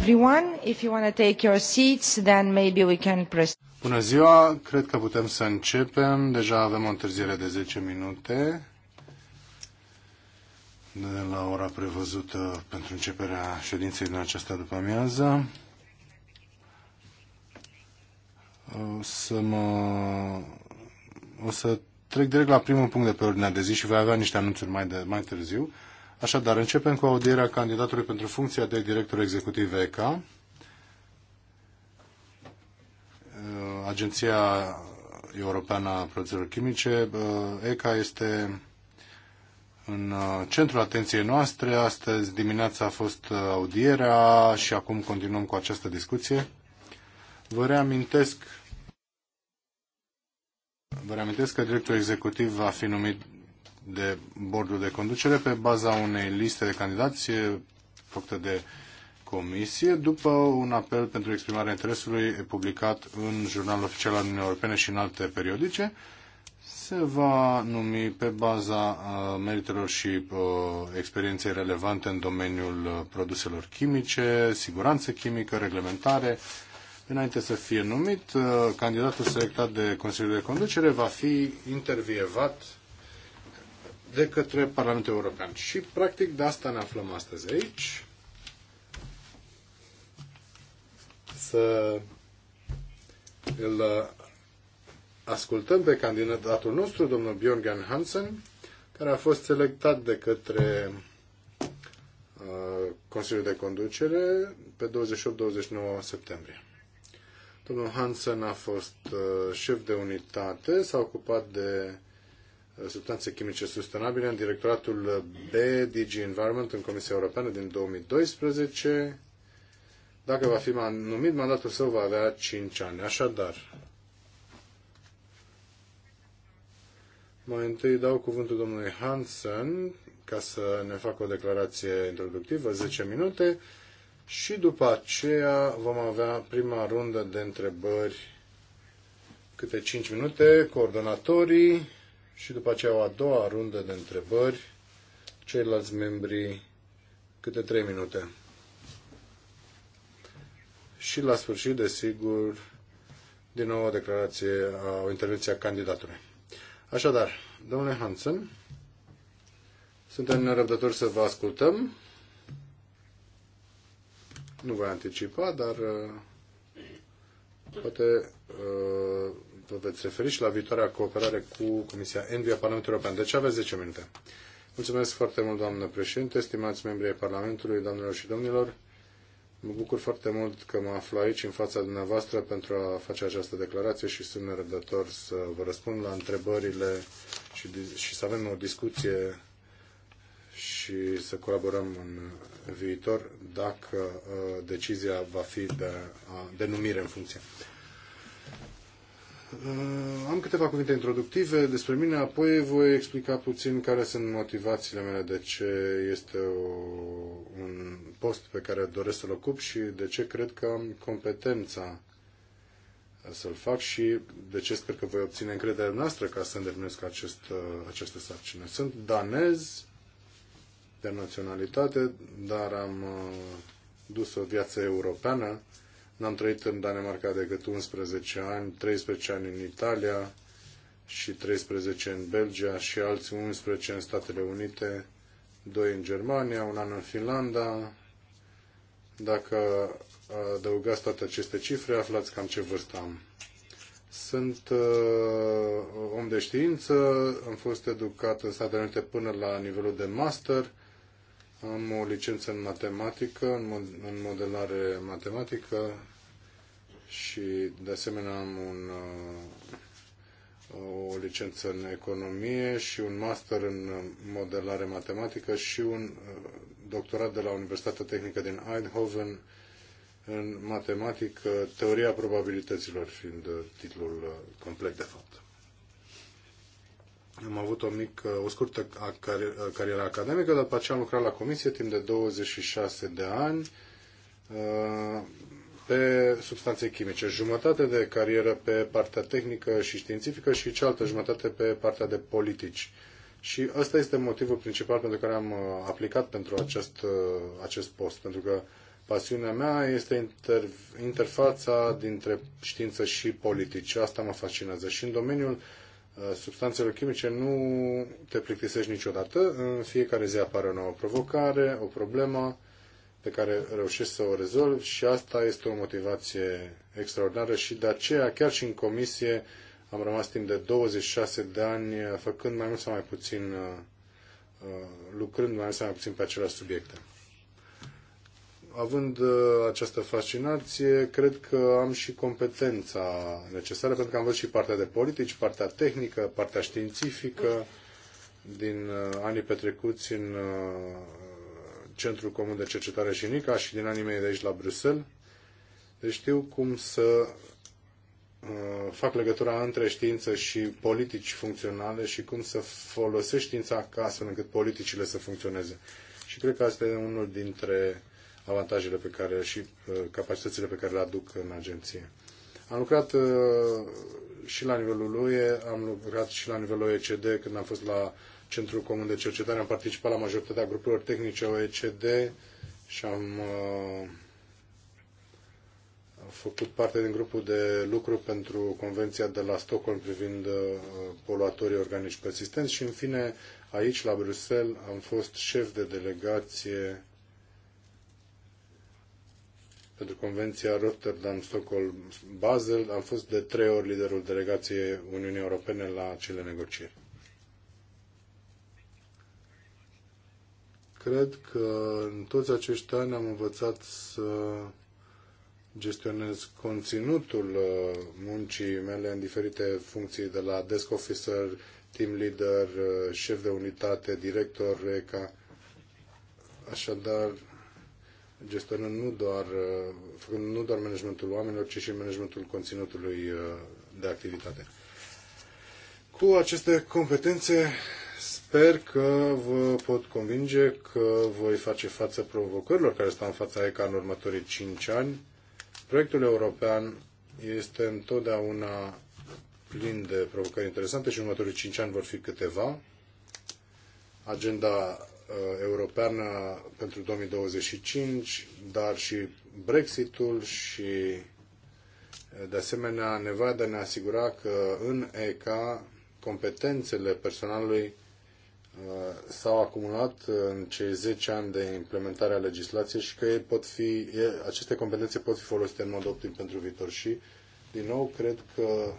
everyone. If you want to take your seats, then maybe we can press. Bună ziua, cred că putem să începem. Deja avem o întârziere de 10 minute de la ora prevăzută pentru începerea ședinței din această după amiază. O să mă... O să trec direct la primul punct de pe ordinea de zi și voi avea niște anunțuri mai, de, mai târziu. Așadar, începem cu audierea candidatului pentru funcția de director executiv ECA, uh, Agenția Europeană a Produselor Chimice. Uh, ECA este în uh, centrul atenției noastre. Astăzi dimineața a fost audierea și acum continuăm cu această discuție. Vă reamintesc Vă reamintesc că directorul executiv va fi numit de bordul de conducere pe baza unei liste de candidați făcută de comisie după un apel pentru exprimarea interesului publicat în Jurnalul Oficial al Uniunii Europene și în alte periodice. Se va numi pe baza uh, meritelor și uh, experienței relevante în domeniul uh, produselor chimice, siguranță chimică, reglementare, Înainte să fie numit, candidatul selectat de Consiliul de Conducere va fi intervievat de către Parlamentul European. Și, practic, de asta ne aflăm astăzi aici. Să îl ascultăm pe candidatul nostru, domnul Björgen Hansen, care a fost selectat de către uh, Consiliul de Conducere pe 28-29 septembrie. Domnul Hansen a fost uh, șef de unitate, s-a ocupat de substanțe chimice sustenabile în directoratul B, DG Environment, în Comisia Europeană din 2012. Dacă va fi numit, mandatul său va avea 5 ani. Așadar, mai întâi dau cuvântul domnului Hansen ca să ne facă o declarație introductivă, 10 minute, și după aceea vom avea prima rundă de întrebări câte 5 minute, coordonatorii, și după aceea o a doua rundă de întrebări, ceilalți membri câte trei minute. Și la sfârșit, desigur, din nou o declarație, o intervenție a candidatului. Așadar, domnule Hansen, suntem nerăbdători să vă ascultăm. Nu voi anticipa, dar poate vă veți referi și la viitoarea cooperare cu Comisia Envia Parlamentului European. Deci aveți 10 minute. Mulțumesc foarte mult, doamnă președinte, estimați membri ai Parlamentului, doamnelor și domnilor. Mă bucur foarte mult că mă aflu aici, în fața dumneavoastră, pentru a face această declarație și sunt nerăbdător să vă răspund la întrebările și, și să avem o discuție și să colaborăm în viitor dacă uh, decizia va fi de, uh, de numire în funcție. Mm, am câteva cuvinte introductive despre mine, apoi voi explica puțin care sunt motivațiile mele de ce este o, un post pe care doresc să-l ocup și de ce cred că am competența să-l fac și de ce sper că voi obține încrederea noastră ca să îndeplinesc acest, această sarcină. Sunt danez de naționalitate, dar am uh, dus o viață europeană N-am trăit în Danemarca decât 11 ani, 13 ani în Italia și 13 în Belgia și alți 11 în Statele Unite, 2 în Germania, un an în Finlanda. Dacă adăugați toate aceste cifre, aflați cam ce vârstă am. Sunt uh, om de știință, am fost educat în Statele Unite până la nivelul de master am o licență în matematică, în modelare matematică și de asemenea am un, uh, o licență în economie și un master în modelare matematică și un uh, doctorat de la Universitatea Tehnică din Eindhoven în matematică, teoria probabilităților fiind uh, titlul complet de fapt. Am avut o mică, o scurtă carieră academică, după aceea am lucrat la comisie timp de 26 de ani uh, pe substanțe chimice. Jumătate de carieră pe partea tehnică și științifică și cealaltă jumătate pe partea de politici. Și ăsta este motivul principal pentru care am uh, aplicat pentru acest, uh, acest post, pentru că pasiunea mea este inter, interfața dintre știință și politici. Asta mă fascinează. Și în domeniul Uh, substanțelor chimice nu te plictisești niciodată. În fiecare zi apare o nouă provocare, o problemă pe care reușești să o rezolvi și asta este o motivație extraordinară și de aceea chiar și în comisie am rămas timp de 26 de ani făcând mai mult sau mai puțin uh, uh, lucrând mai mult sau mai puțin pe aceleași subiecte având uh, această fascinație, cred că am și competența necesară, pentru că am văzut și partea de politici, partea tehnică, partea științifică din uh, anii petrecuți în uh, Centrul Comun de Cercetare și NICA și din anii mei de aici la Bruxelles. Deci știu cum să fac legătura între știință și politici funcționale și cum să folosești știința ca astfel încât politicile să funcționeze. Și cred că asta e unul dintre avantajele pe care și uh, capacitățile pe care le aduc în agenție. Am lucrat uh, și la nivelul lui, am lucrat și la nivelul OECD când am fost la Centrul Comun de Cercetare, am participat la majoritatea grupurilor tehnice OECD și am uh, făcut parte din grupul de lucru pentru Convenția de la Stockholm privind poluatorii organici persistenți și, în fine, aici, la Bruxelles, am fost șef de delegație pentru Convenția Rotterdam, Stockholm, Basel. Am fost de trei ori liderul delegației Uniunii Europene la acele negocieri. Cred că în toți acești ani am învățat să gestionez conținutul uh, muncii mele în diferite funcții, de la desk officer, team leader, uh, șef de unitate, director, RECA. Așadar, gestionând nu doar, uh, făcând nu doar managementul oamenilor, ci și managementul conținutului uh, de activitate. Cu aceste competențe sper că vă pot convinge că voi face față provocărilor care stau în fața ECA în următorii 5 ani. Proiectul european este întotdeauna plin de provocări interesante și în următorii 5 ani vor fi câteva. Agenda Uh, europeană pentru 2025, dar și Brexitul și uh, de asemenea nevoia de a ne asigura că în ECA competențele personalului uh, s-au acumulat în cei 10 ani de implementare a legislației și că pot fi, aceste competențe pot fi folosite în mod optim pentru viitor. Și, din nou, cred că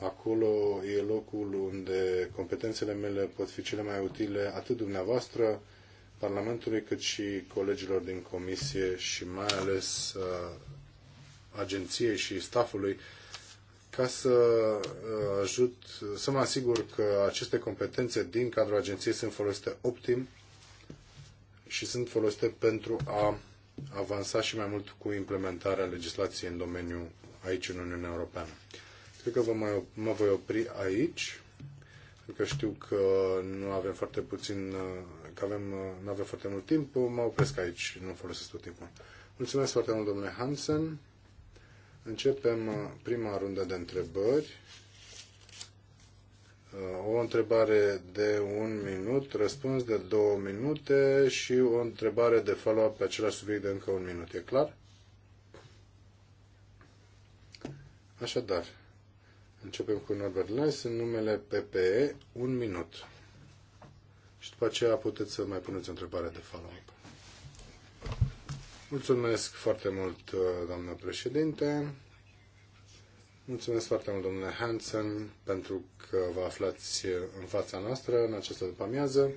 Acolo e locul unde competențele mele pot fi cele mai utile atât dumneavoastră, Parlamentului, cât și colegilor din Comisie și mai ales uh, agenției și staffului ca să uh, ajut, să mă asigur că aceste competențe din cadrul agenției sunt folosite optim și sunt folosite pentru a avansa și mai mult cu implementarea legislației în domeniu aici în Uniunea Europeană. Cred că vă mai, mă voi opri aici, pentru că știu că nu avem foarte puțin, uh, că avem, uh, nu avem foarte mult timp. Mă opresc aici, nu folosesc tot timpul. Mulțumesc foarte mult, domnule Hansen. Începem uh, prima rundă de întrebări. O întrebare de un minut, răspuns de două minute și o întrebare de follow-up pe același subiect de încă un minut. E clar? Așadar, Începem cu Norbert Lenz în numele PPE, un minut. Și după aceea puteți să mai puneți o întrebare de follow-up. Mulțumesc foarte mult, uh, doamnă președinte. Mulțumesc foarte mult, domnule Hansen, pentru că vă aflați în fața noastră în această după-amiază.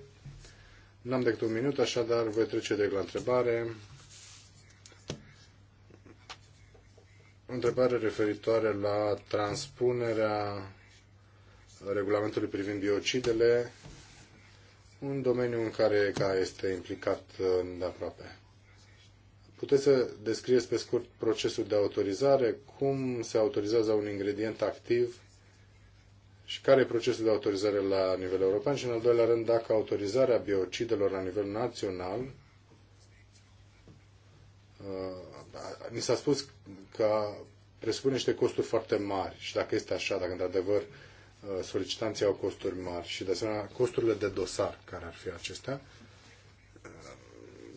N-am decât un minut, așadar voi trece direct la întrebare. întrebare referitoare la transpunerea regulamentului privind biocidele, un domeniu în care ca este implicat îndeaproape. Uh, Puteți să descrieți pe scurt procesul de autorizare, cum se autorizează un ingredient activ și care e procesul de autorizare la nivel european și, în al doilea rând, dacă autorizarea biocidelor la nivel național uh, ni s-a spus că presupune niște costuri foarte mari și dacă este așa, dacă într-adevăr uh, solicitanții au costuri mari și de asemenea costurile de dosar care ar fi acestea, uh,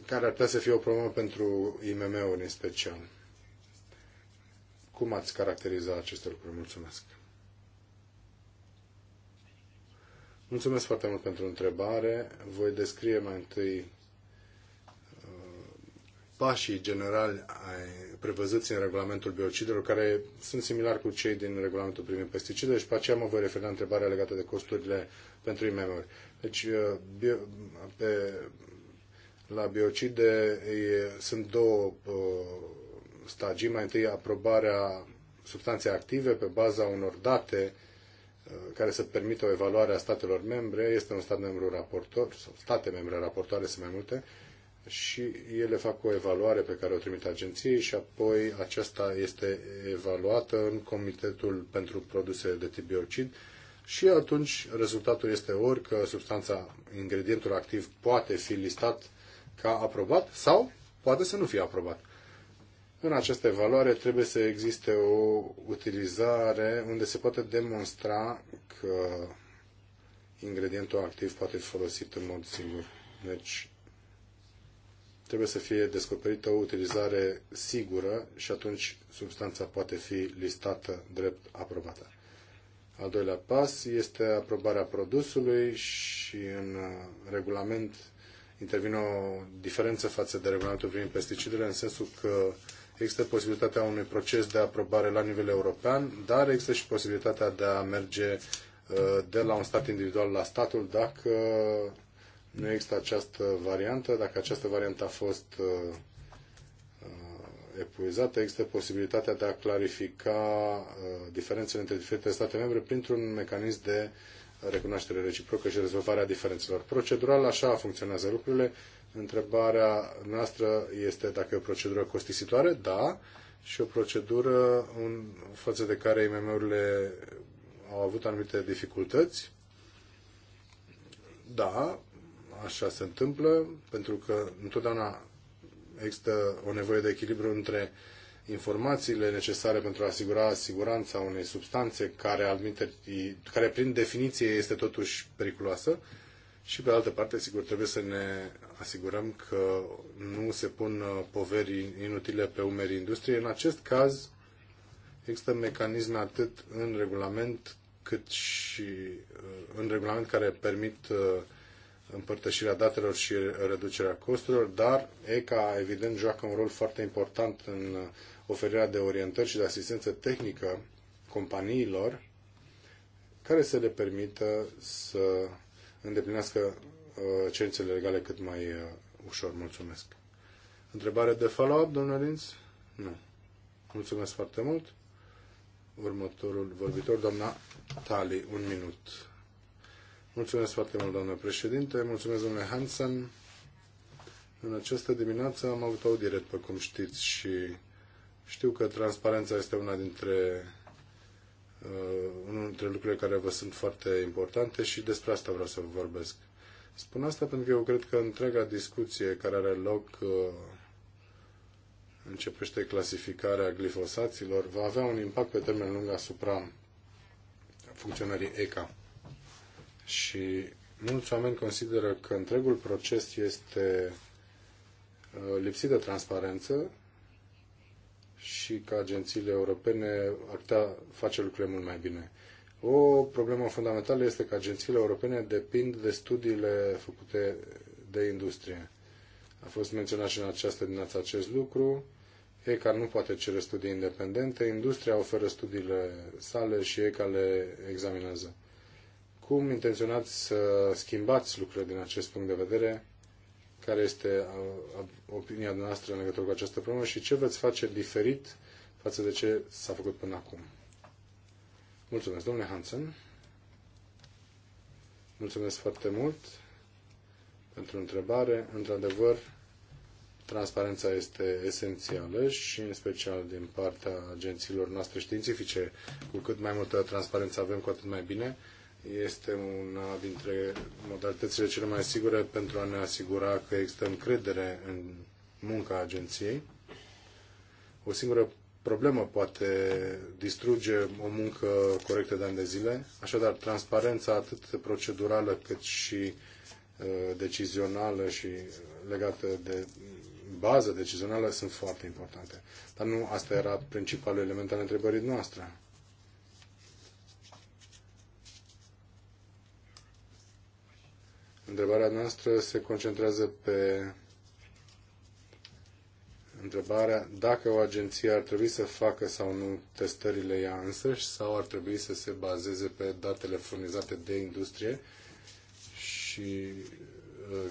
care ar putea să fie o problemă pentru IMM-uri în special. Cum ați caracteriza aceste lucruri? Mulțumesc! Mulțumesc foarte mult pentru întrebare. Voi descrie mai întâi pașii generali prevăzuți în regulamentul biocidelor, care sunt similari cu cei din regulamentul privind pesticide și pe aceea mă voi referi la întrebarea legată de costurile pentru IMM-uri. Deci, uh, bio, pe, la biocide e, sunt două uh, stagii. Mai întâi aprobarea substanței active pe baza unor date uh, care să permită o evaluare a statelor membre. Este un stat membru raportor, sau state membre raportoare sunt mai multe, uh, și ele fac o evaluare pe care o trimit agenției și apoi aceasta este evaluată în Comitetul pentru Produse de Tip Biocid și atunci rezultatul este ori că substanța, ingredientul activ poate fi listat ca aprobat sau poate să nu fie aprobat. În această evaluare trebuie să existe o utilizare unde se poate demonstra că ingredientul activ poate fi folosit în mod sigur. Deci trebuie să fie descoperită o utilizare sigură și atunci substanța poate fi listată drept aprobată. Al doilea pas este aprobarea produsului și în uh, regulament intervine o diferență față de regulamentul privind pesticidele în sensul că există posibilitatea unui proces de aprobare la nivel european, dar există și posibilitatea de a merge uh, de la un stat individual la statul dacă nu există această variantă. Dacă această variantă a fost uh, uh epuizată, există posibilitatea de a clarifica uh, diferențele între diferite state membre printr-un mecanism de recunoaștere reciprocă și rezolvarea diferențelor. Procedural, așa funcționează lucrurile. Întrebarea noastră este dacă e o procedură costisitoare? Da. Și o procedură în față de care IMM-urile au avut anumite dificultăți? Da, așa se întâmplă, pentru că întotdeauna există o nevoie de echilibru între informațiile necesare pentru a asigura siguranța unei substanțe care, admite, care prin definiție este totuși periculoasă și pe altă parte, sigur, trebuie să ne asigurăm că nu se pun uh, poveri inutile pe umerii industriei. În acest caz există mecanisme atât în regulament cât și uh, în regulament care permit uh, împărtășirea datelor și reducerea costurilor, dar ECA, evident, joacă un rol foarte important în oferirea de orientări și de asistență tehnică companiilor care să le permită să îndeplinească uh, cerințele legale cât mai uh, ușor. Mulțumesc. Întrebare de follow-up, domnul Linz? Nu. Mulțumesc foarte mult. Următorul vorbitor, doamna Tali, un minut. Mulțumesc foarte mult, doamnă președinte. Mulțumesc, domnule Hansen. În această dimineață am avut audiere, după cum știți, și știu că transparența este una dintre uh, unul dintre lucrurile care vă sunt foarte importante și despre asta vreau să vă vorbesc. Spun asta pentru că eu cred că întreaga discuție care are loc uh, începește clasificarea glifosaților va avea un impact pe termen lung asupra funcționării ECA. Și mulți oameni consideră că întregul proces este uh, lipsit de transparență și că agențiile europene ar putea face lucrurile mult mai bine. O problemă fundamentală este că agențiile europene depind de studiile făcute de industrie. A fost menționat și în această dimineață acest lucru. ECA nu poate cere studii independente, industria oferă studiile sale și ECA le examinează. Cum intenționați să schimbați lucrurile din acest punct de vedere? Care este opinia noastră în legătură cu această problemă și ce veți face diferit față de ce s-a făcut până acum? Mulțumesc, domnule Hansen. Mulțumesc foarte mult pentru întrebare. Într-adevăr, transparența este esențială și în special din partea agențiilor noastre științifice. Cu cât mai multă transparență avem, cu atât mai bine este una dintre modalitățile cele mai sigure pentru a ne asigura că există încredere în munca agenției. O singură problemă poate distruge o muncă corectă de ani de zile, așadar transparența atât procedurală cât și uh, decizională și legată de bază decizională sunt foarte importante. Dar nu asta era principalul element al întrebării noastre. Întrebarea noastră se concentrează pe întrebarea dacă o agenție ar trebui să facă sau nu testările ea însăși sau ar trebui să se bazeze pe datele furnizate de industrie și uh,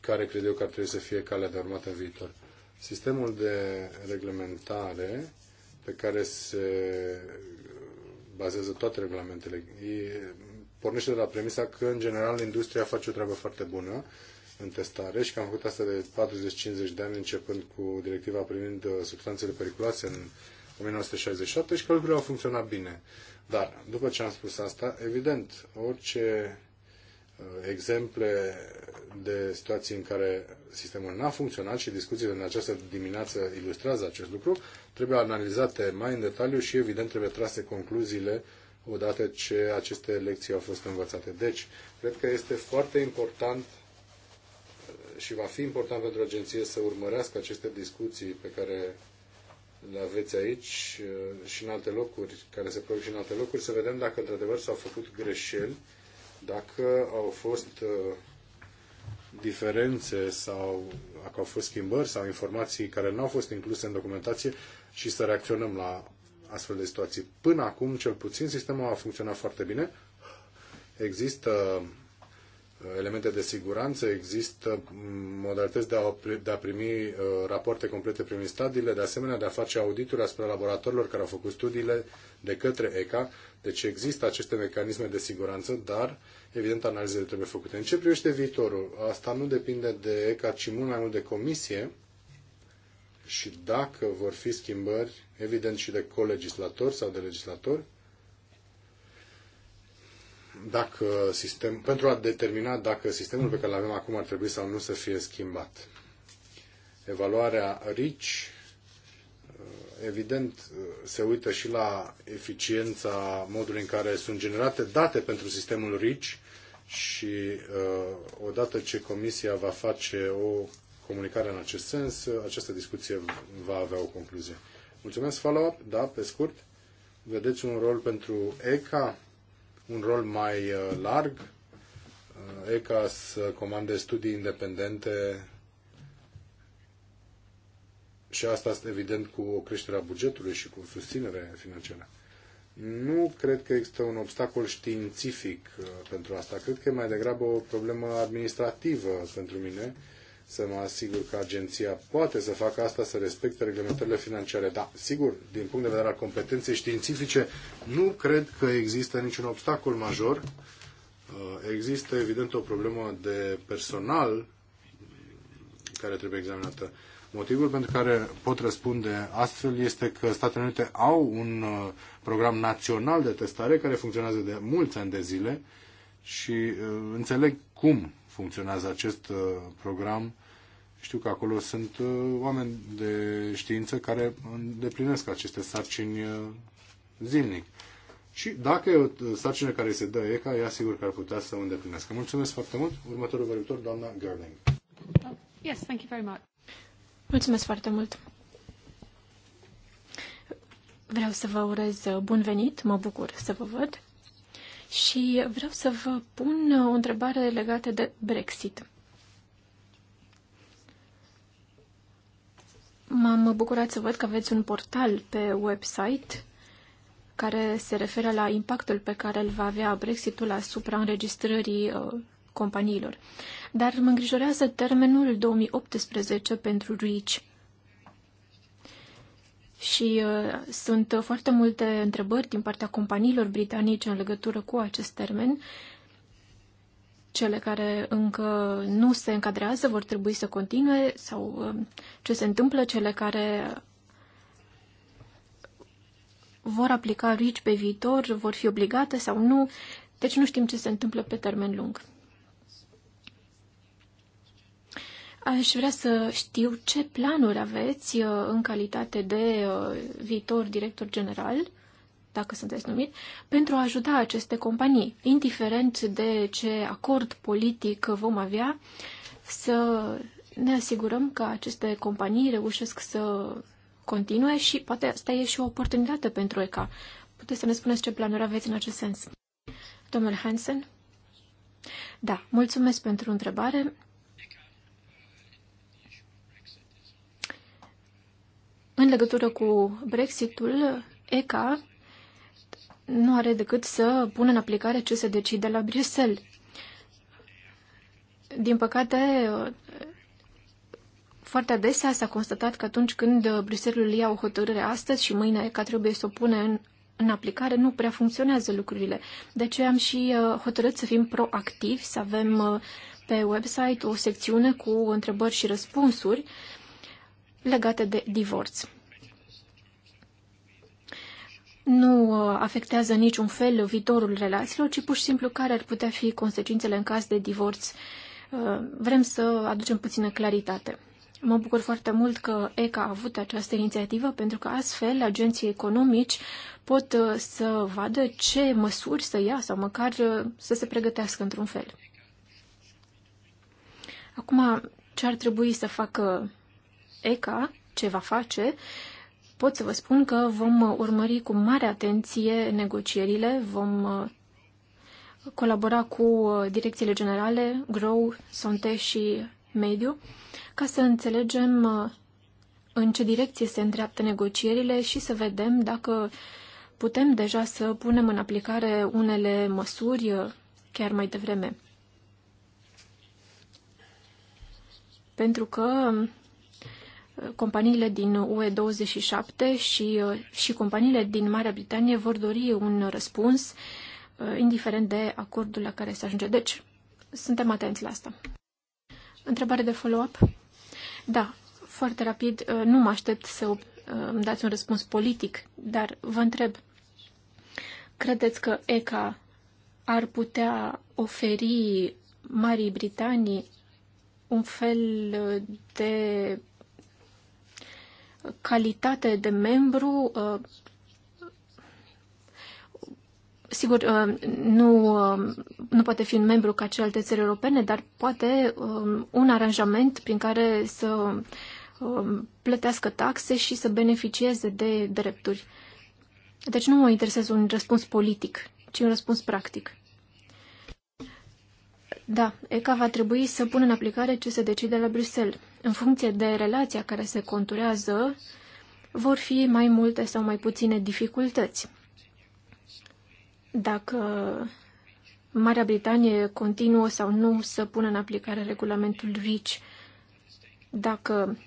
care cred eu că ar trebui să fie calea de urmat în viitor. Sistemul de reglementare pe care se bazează toate regulamentele pornește de la premisa că, în general, industria face o treabă foarte bună în testare și că am făcut asta de 40-50 de ani, începând cu directiva privind uh, substanțele periculoase în 1967 și că lucrurile au funcționat bine. Dar, după ce am spus asta, evident, orice uh, exemple de situații în care sistemul n-a funcționat și discuțiile în această dimineață ilustrează acest lucru, trebuie analizate mai în detaliu și, evident, trebuie trase concluziile odată ce aceste lecții au fost învățate. Deci, cred că este foarte important eh, și va fi important pentru agenție să urmărească aceste discuții pe care le aveți aici eh, și în alte locuri, care se produc și în alte locuri, să vedem dacă într-adevăr s-au făcut greșeli, dacă au fost eh, diferențe sau dacă au fost schimbări sau informații care nu au fost incluse în documentație și să reacționăm la astfel de situații. Până acum, cel puțin, sistemul a funcționat foarte bine. Există uh, elemente de siguranță, există mm, modalități de a, de a primi uh, rapoarte complete primi stadiile, de asemenea de a face audituri asupra laboratorilor care au făcut studiile de către ECA. Deci există aceste mecanisme de siguranță, dar evident analizele trebuie făcute. În ce privește viitorul? Asta nu depinde de ECA, ci mult mai mult de comisie și dacă vor fi schimbări evident și de colegislatori sau de legislatori, dacă sistem, pentru a determina dacă sistemul pe care îl avem acum ar trebui sau nu să fie schimbat. Evaluarea RICH, evident, se uită și la eficiența modului în care sunt generate date pentru sistemul RICH și uh, odată ce Comisia va face o comunicare în acest sens, această discuție va avea o concluzie. Mulțumesc, follow-up, da, pe scurt. Vedeți un rol pentru ECA, un rol mai uh, larg. Uh, ECA să comande studii independente și asta evident cu o creștere a bugetului și cu o susținere financiară. Nu cred că există un obstacol științific uh, pentru asta. Cred că e mai degrabă o problemă administrativă pentru mine să mă asigur că agenția poate să facă asta, să respecte reglementările financiare. Dar, sigur, din punct de vedere al competenței științifice, nu cred că există niciun obstacol major. Uh, există, evident, o problemă de personal care trebuie examinată. Motivul pentru care pot răspunde astfel este că Statele Unite au un uh, program național de testare care funcționează de mulți ani de zile și uh, înțeleg cum funcționează acest program știu că acolo sunt uh, oameni de știință care îndeplinesc aceste sarcini uh, zilnic. Și dacă e o uh, sarcină care se dă ECA, ea sigur că ar putea să o îndeplinească. Mulțumesc foarte mult. Următorul vorbitor, doamna Gerling. Yes, thank you very much. Mulțumesc foarte mult. Vreau să vă urez bun venit, mă bucur să vă văd. Și vreau să vă pun o întrebare legată de Brexit. M-am bucurat să văd că aveți un portal pe website care se referă la impactul pe care îl va avea Brexitul asupra înregistrării uh, companiilor. Dar mă îngrijorează termenul 2018 pentru REACH. Și uh, sunt foarte multe întrebări din partea companiilor britanice în legătură cu acest termen cele care încă nu se încadrează vor trebui să continue sau um, ce se întâmplă, cele care vor aplica RICI pe viitor, vor fi obligate sau nu. Deci nu știm ce se întâmplă pe termen lung. Aș vrea să știu ce planuri aveți uh, în calitate de uh, viitor director general dacă sunteți numit, pentru a ajuta aceste companii, indiferent de ce acord politic vom avea, să ne asigurăm că aceste companii reușesc să continue și poate asta e și o oportunitate pentru ECA. Puteți să ne spuneți ce planuri aveți în acest sens. Domnul Hansen? Da, mulțumesc pentru întrebare. În legătură cu Brexitul, ECA nu are decât să pună în aplicare ce se decide la Bruxelles. Din păcate, foarte adesea s-a constatat că atunci când Bruxelles ia o hotărâre astăzi și mâine ca trebuie să o pune în, în aplicare, nu prea funcționează lucrurile. De aceea am și uh, hotărât să fim proactivi, să avem uh, pe website o secțiune cu întrebări și răspunsuri legate de divorț nu uh, afectează niciun fel viitorul relațiilor, ci pur și simplu care ar putea fi consecințele în caz de divorț. Uh, vrem să aducem puțină claritate. Mă bucur foarte mult că ECA a avut această inițiativă, pentru că astfel agenții economici pot uh, să vadă ce măsuri să ia sau măcar să se pregătească într-un fel. Acum, ce ar trebui să facă ECA, ce va face, pot să vă spun că vom uh, urmări cu mare atenție negocierile, vom uh, colabora cu uh, direcțiile generale, Grow, Sonte și Mediu, ca să înțelegem în ce direcție se îndreaptă negocierile și să vedem dacă putem deja să punem în aplicare unele măsuri chiar mai devreme. Pentru că um, companiile din UE27 și, uh, și companiile din Marea Britanie vor dori un răspuns, uh, indiferent de acordul la care se ajunge. Deci, suntem atenți la asta. Întrebare de follow-up? Da, foarte rapid. Uh, nu mă aștept să îmi dați un răspuns politic, dar vă întreb, credeți că ECA ar putea oferi Marii Britanii un fel de calitate de membru, uh, sigur, uh, nu, uh, nu poate fi un membru ca celelalte țări europene, dar poate um, un aranjament prin care să um, plătească taxe și să beneficieze de drepturi. Deci nu mă interesează un răspuns politic, ci un răspuns practic. Da, ECA va trebui să pună în aplicare ce se decide la Bruxelles. În funcție de relația care se conturează, vor fi mai multe sau mai puține dificultăți. Dacă Marea Britanie continuă sau nu să pună în aplicare regulamentul RICI, dacă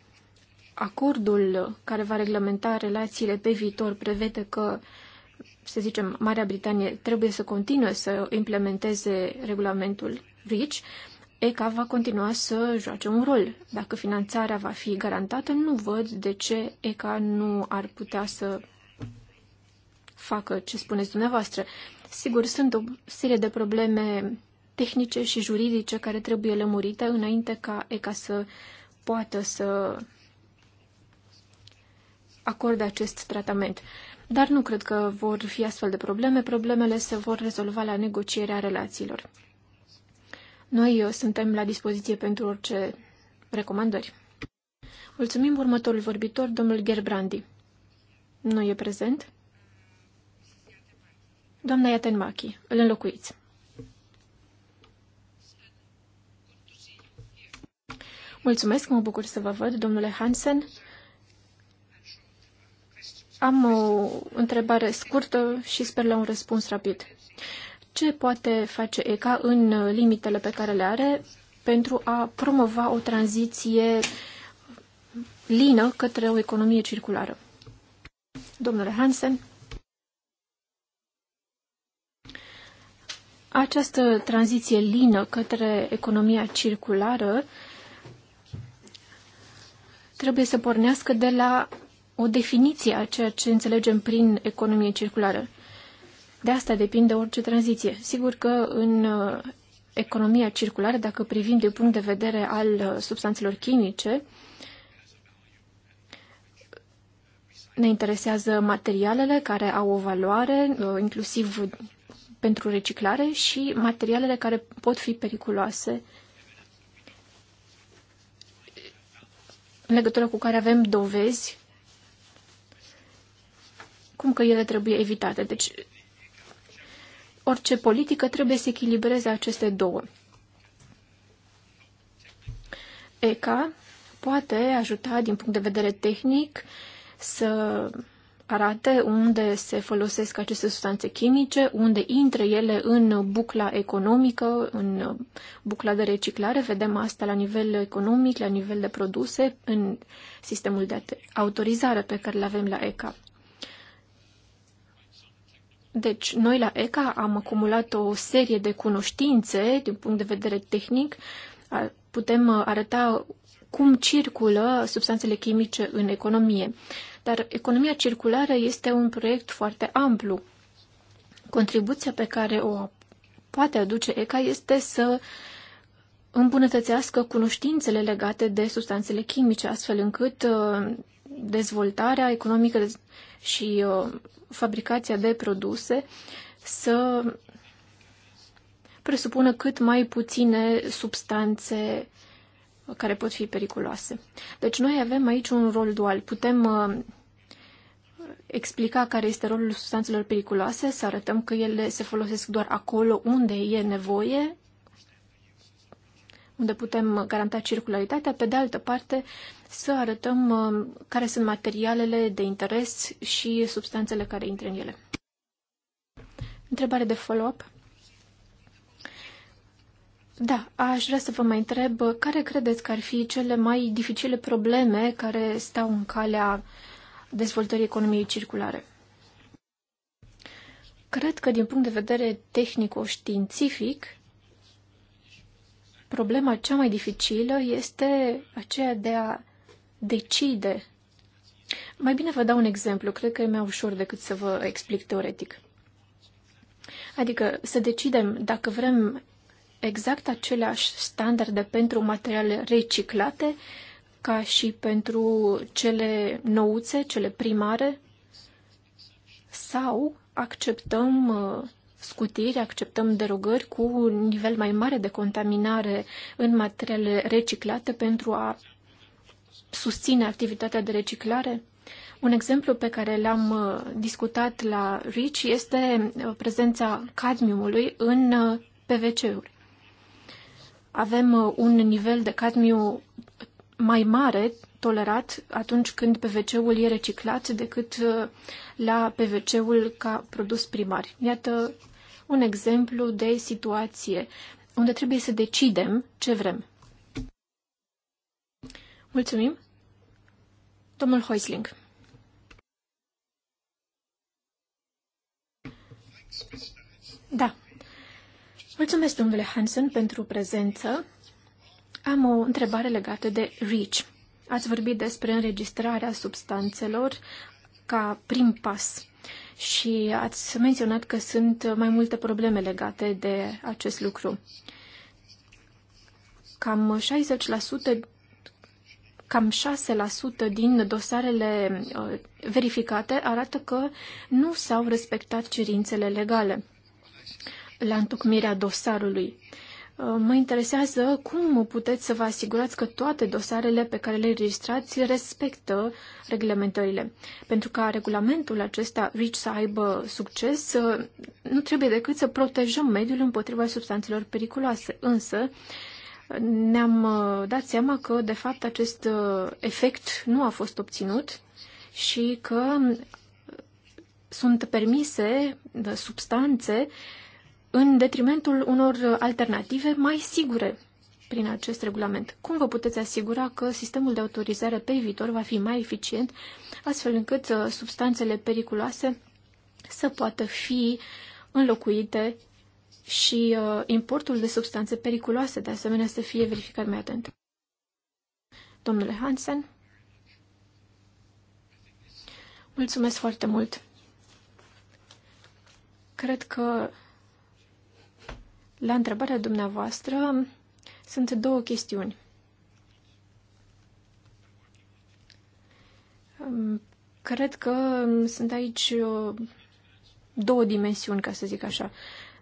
acordul care va reglementa relațiile pe viitor prevede că, să zicem, Marea Britanie trebuie să continue să implementeze regulamentul Rich, ECA va continua să joace un rol. Dacă finanțarea va fi garantată, nu văd de ce ECA nu ar putea să facă ce spuneți dumneavoastră. Sigur, sunt o serie de probleme tehnice și juridice care trebuie lămurite înainte ca ECA să poată să acorde acest tratament. Dar nu cred că vor fi astfel de probleme. Problemele se vor rezolva la negocierea relațiilor. Noi uh, suntem la dispoziție pentru orice recomandări. Mulțumim următorul vorbitor, domnul Gerbrandi. Nu e prezent? Doamna Iatenmachi, îl înlocuiți. Mulțumesc, mă bucur să vă văd, domnule Hansen. Am o întrebare scurtă și sper la un răspuns rapid ce poate face ECA în limitele pe care le are pentru a promova o tranziție lină către o economie circulară? Domnule Hansen, această tranziție lină către economia circulară trebuie să pornească de la o definiție a ceea ce înțelegem prin economie circulară. De asta depinde orice tranziție. Sigur că în uh, economia circulară, dacă privim din punct de vedere al uh, substanțelor chimice, ne interesează materialele care au o valoare, uh, inclusiv pentru reciclare, și materialele care pot fi periculoase, în legătură cu care avem dovezi, cum că ele trebuie evitate. Deci orice politică trebuie să echilibreze aceste două. ECA poate ajuta din punct de vedere tehnic să arate unde se folosesc aceste substanțe chimice, unde intră ele în bucla economică, în bucla de reciclare. Vedem asta la nivel economic, la nivel de produse, în sistemul de autorizare pe care îl avem la ECA. Deci, noi la ECA am acumulat o serie de cunoștințe din punct de vedere tehnic. Putem uh, arăta cum circulă substanțele chimice în economie. Dar economia circulară este un proiect foarte amplu. Contribuția pe care o poate aduce ECA este să îmbunătățească cunoștințele legate de substanțele chimice, astfel încât uh, dezvoltarea economică și uh, fabricația de produse să presupună cât mai puține substanțe care pot fi periculoase. Deci noi avem aici un rol dual. Putem uh, explica care este rolul substanțelor periculoase, să arătăm că ele se folosesc doar acolo unde e nevoie, unde putem garanta circularitatea. Pe de altă parte, să arătăm uh, care sunt materialele de interes și substanțele care intră în ele. Întrebare de follow-up? Da, aș vrea să vă mai întreb uh, care credeți că ar fi cele mai dificile probleme care stau în calea dezvoltării economiei circulare? Cred că din punct de vedere tehnico-științific, problema cea mai dificilă este aceea de a decide. Mai bine vă dau un exemplu, cred că e mai ușor decât să vă explic teoretic. Adică să decidem dacă vrem exact aceleași standarde pentru materiale reciclate ca și pentru cele nouțe, cele primare, sau acceptăm uh, scutiri, acceptăm derogări cu un nivel mai mare de contaminare în materiale reciclate pentru a susține activitatea de reciclare? Un exemplu pe care l-am uh, discutat la RICI este uh, prezența cadmiumului în uh, PVC-uri. Avem un nivel de cadmiu mai mare tolerat atunci când PVC-ul e reciclat decât la PVC-ul ca produs primar. Iată un exemplu de situație unde trebuie să decidem ce vrem. Mulțumim. Domnul Hoisling. Da. Mulțumesc, domnule Hansen, pentru prezență. Am o întrebare legată de REACH. Ați vorbit despre înregistrarea substanțelor ca prim pas și ați menționat că sunt mai multe probleme legate de acest lucru. Cam 60% cam 6% din dosarele uh, verificate arată că nu s-au respectat cerințele legale la întocmirea dosarului. Uh, mă interesează cum puteți să vă asigurați că toate dosarele pe care le registrați respectă reglementările. Pentru ca regulamentul acesta REACH să aibă succes, uh, nu trebuie decât să protejăm mediul împotriva substanțelor periculoase. Însă, ne-am uh, dat seama că, de fapt, acest uh, efect nu a fost obținut și că uh, sunt permise substanțe în detrimentul unor alternative mai sigure prin acest regulament. Cum vă puteți asigura că sistemul de autorizare pe viitor va fi mai eficient, astfel încât substanțele periculoase să poată fi înlocuite și uh, importul de substanțe periculoase, de asemenea, să fie verificat mai atent. Domnule Hansen, mulțumesc foarte mult. Cred că la întrebarea dumneavoastră sunt două chestiuni. Cred că sunt aici uh, două dimensiuni, ca să zic așa.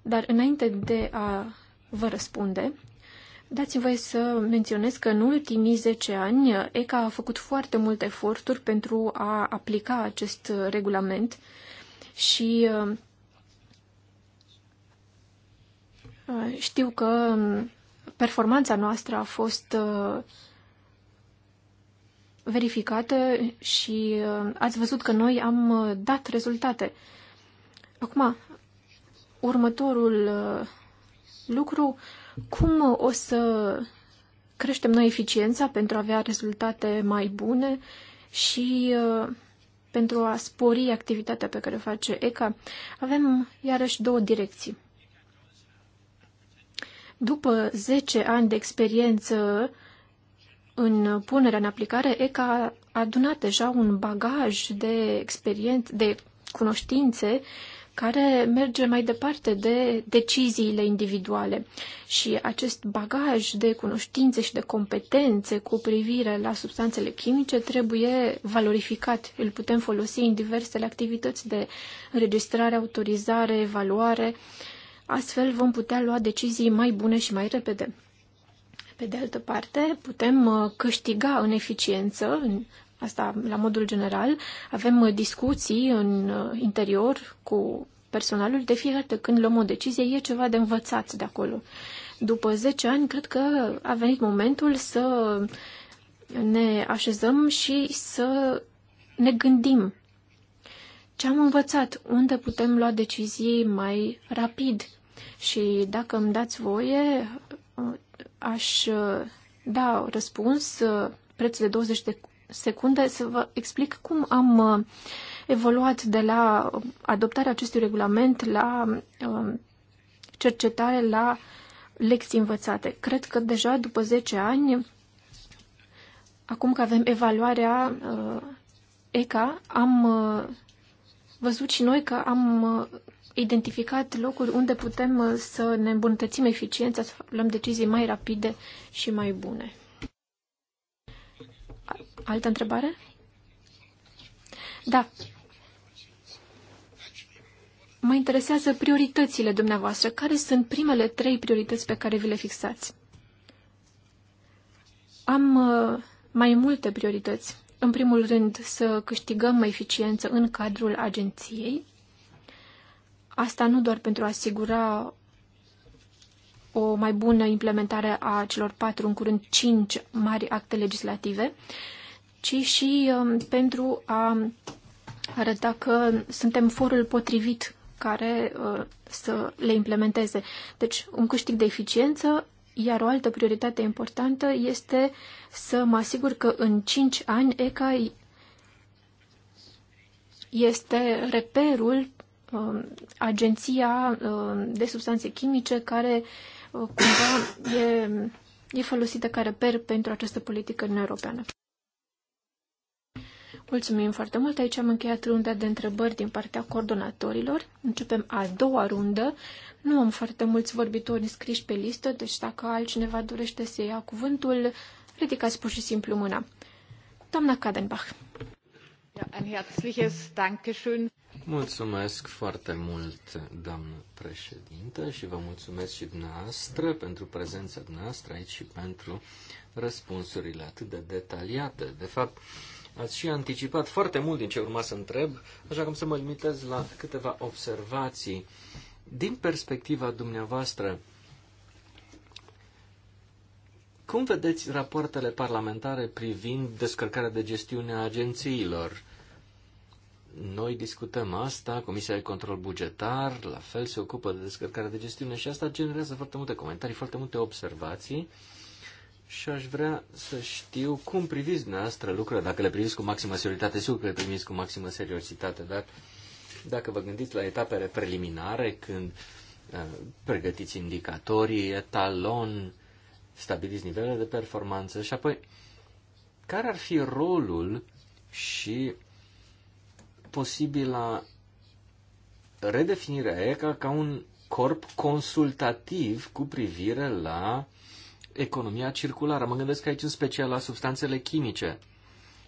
Dar înainte de a vă răspunde, dați-mi voie să menționez că în ultimii 10 ani ECA a făcut foarte multe eforturi pentru a aplica acest regulament și uh, știu că performanța noastră a fost uh, verificată și uh, ați văzut că noi am dat rezultate. Acum, următorul uh, lucru, cum o să creștem noi eficiența pentru a avea rezultate mai bune și uh, pentru a spori activitatea pe care o face ECA, avem iarăși două direcții. După 10 ani de experiență în punerea în aplicare, ECA a adunat deja un bagaj de experiență, de cunoștințe care merge mai departe de deciziile individuale. Și acest bagaj de cunoștințe și de competențe cu privire la substanțele chimice trebuie valorificat. Îl putem folosi în diversele activități de înregistrare, autorizare, evaluare. Astfel vom putea lua decizii mai bune și mai repede. Pe de altă parte, putem uh, câștiga în eficiență, în Asta la modul general. Avem discuții în interior cu personalul. De fiecare dată când luăm o decizie, e ceva de învățat de acolo. După 10 ani, cred că a venit momentul să ne așezăm și să ne gândim ce am învățat, unde putem lua decizii mai rapid. Și dacă îmi dați voie, aș da răspuns uh, preț de 20 de secunde să vă explic cum am uh, evoluat de la adoptarea acestui regulament la uh, cercetare, la lecții învățate. Cred că deja după 10 ani, acum că avem evaluarea uh, ECA, am văzut și noi că am identificat locuri unde putem să ne îmbunătățim eficiența, să luăm decizii mai rapide și mai bune. Altă întrebare? Da. Mă interesează prioritățile dumneavoastră. Care sunt primele trei priorități pe care vi le fixați? Am uh, mai multe priorități. În primul rând, să câștigăm eficiență în cadrul agenției. Asta nu doar pentru a asigura o mai bună implementare a celor patru, în curând cinci mari acte legislative, ci și um, pentru a arăta că suntem forul potrivit care uh, să le implementeze. Deci, un câștig de eficiență, iar o altă prioritate importantă este să mă asigur că în 5 ani ECA este reperul, um, agenția um, de substanțe chimice care uh, cumva e, e folosită ca reper pentru această politică în europeană. Mulțumim foarte mult. Aici am încheiat runda de întrebări din partea coordonatorilor. Începem a doua rundă. Nu am foarte mulți vorbitori înscriși pe listă, deci dacă altcineva dorește să ia cuvântul, ridicați pur și simplu mâna. Doamna Kadenbach. Mulțumesc foarte mult, doamnă președintă, și vă mulțumesc și dumneavoastră pentru prezența dumneavoastră aici și pentru răspunsurile atât de detaliate. De fapt, Ați și anticipat foarte mult din ce urma să întreb, așa că să mă limitez la câteva observații. Din perspectiva dumneavoastră, cum vedeți rapoartele parlamentare privind descărcarea de gestiune a agențiilor? Noi discutăm asta, Comisia de Control Bugetar, la fel se ocupă de descărcarea de gestiune și asta generează foarte multe comentarii, foarte multe observații. Uh, și aș vrea să știu cum priviți dumneavoastră lucrurile, dacă le priviți cu maximă seriozitate, sigur că le priviți cu maximă seriozitate, dar dacă vă gândiți la etapele preliminare, când uh, pregătiți indicatorii, etalon, stabiliți nivelele de performanță și apoi care ar fi rolul și posibila redefinirea ECA ca un corp consultativ cu privire la uh, economia circulară. Mă gândesc aici în special la substanțele chimice.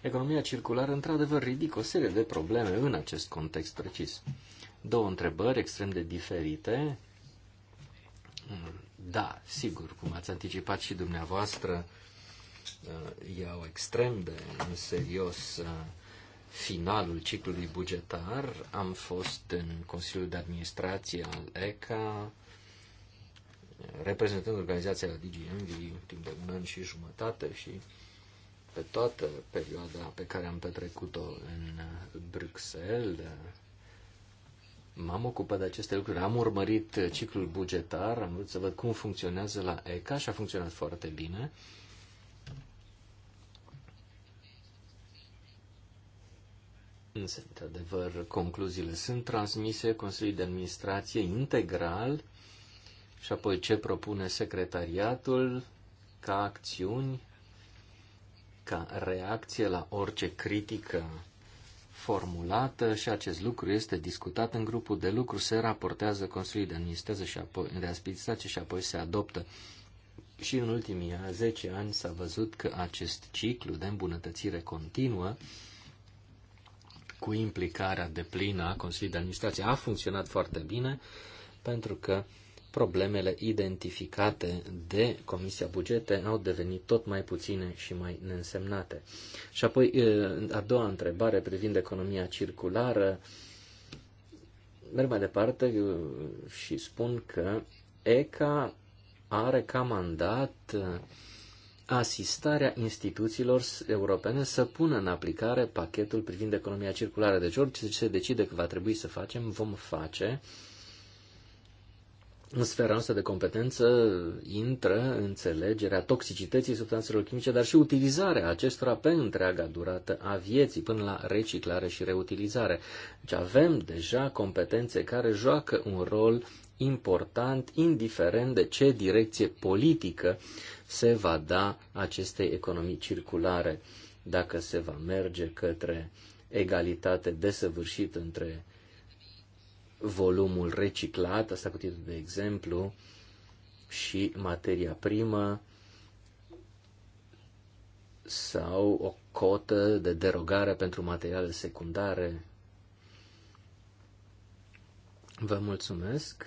Economia circulară, într-adevăr, ridică o serie de probleme în acest context precis. Două întrebări extrem de diferite. Da, sigur, cum ați anticipat și dumneavoastră, uh, iau extrem de în serios uh, finalul ciclului bugetar. Am fost în Consiliul de Administrație al ECA, reprezentând organizația la DGMV timp de un an și jumătate și pe toată perioada pe care am petrecut-o în Bruxelles, m-am ocupat de aceste lucruri. Am urmărit ciclul bugetar, am vrut să văd cum funcționează la ECA și a funcționat foarte bine. Însă, într-adevăr, concluziile sunt transmise Consiliului de Administrație integral și apoi ce propune secretariatul ca acțiuni, ca reacție la orice critică formulată și acest lucru este discutat în grupul de lucru, se raportează, construit, administrează și apoi, de aspirație și apoi se adoptă. Și în ultimii 10 ani s-a văzut că acest ciclu de îmbunătățire continuă cu implicarea de plină a Consiliului de Administrație a funcționat foarte bine pentru că problemele identificate de Comisia Bugete au devenit tot mai puține și mai neînsemnate. Și apoi, a doua întrebare privind economia circulară, merg mai departe și spun că ECA are ca mandat asistarea instituțiilor europene să pună în aplicare pachetul privind economia circulară. Deci orice se decide că va trebui să facem, vom face. Uh, în sfera noastră de competență intră înțelegerea toxicității substanțelor chimice, dar și utilizarea acestora pe întreaga durată a vieții, până la reciclare și reutilizare. Deci avem deja competențe care joacă un rol important, indiferent de ce direcție politică se va da acestei economii circulare, dacă se va merge către egalitate desăvârșită între volumul reciclat, asta cu titlul de exemplu, și materia primă sau o cotă de derogare pentru materiale secundare. Vă mulțumesc,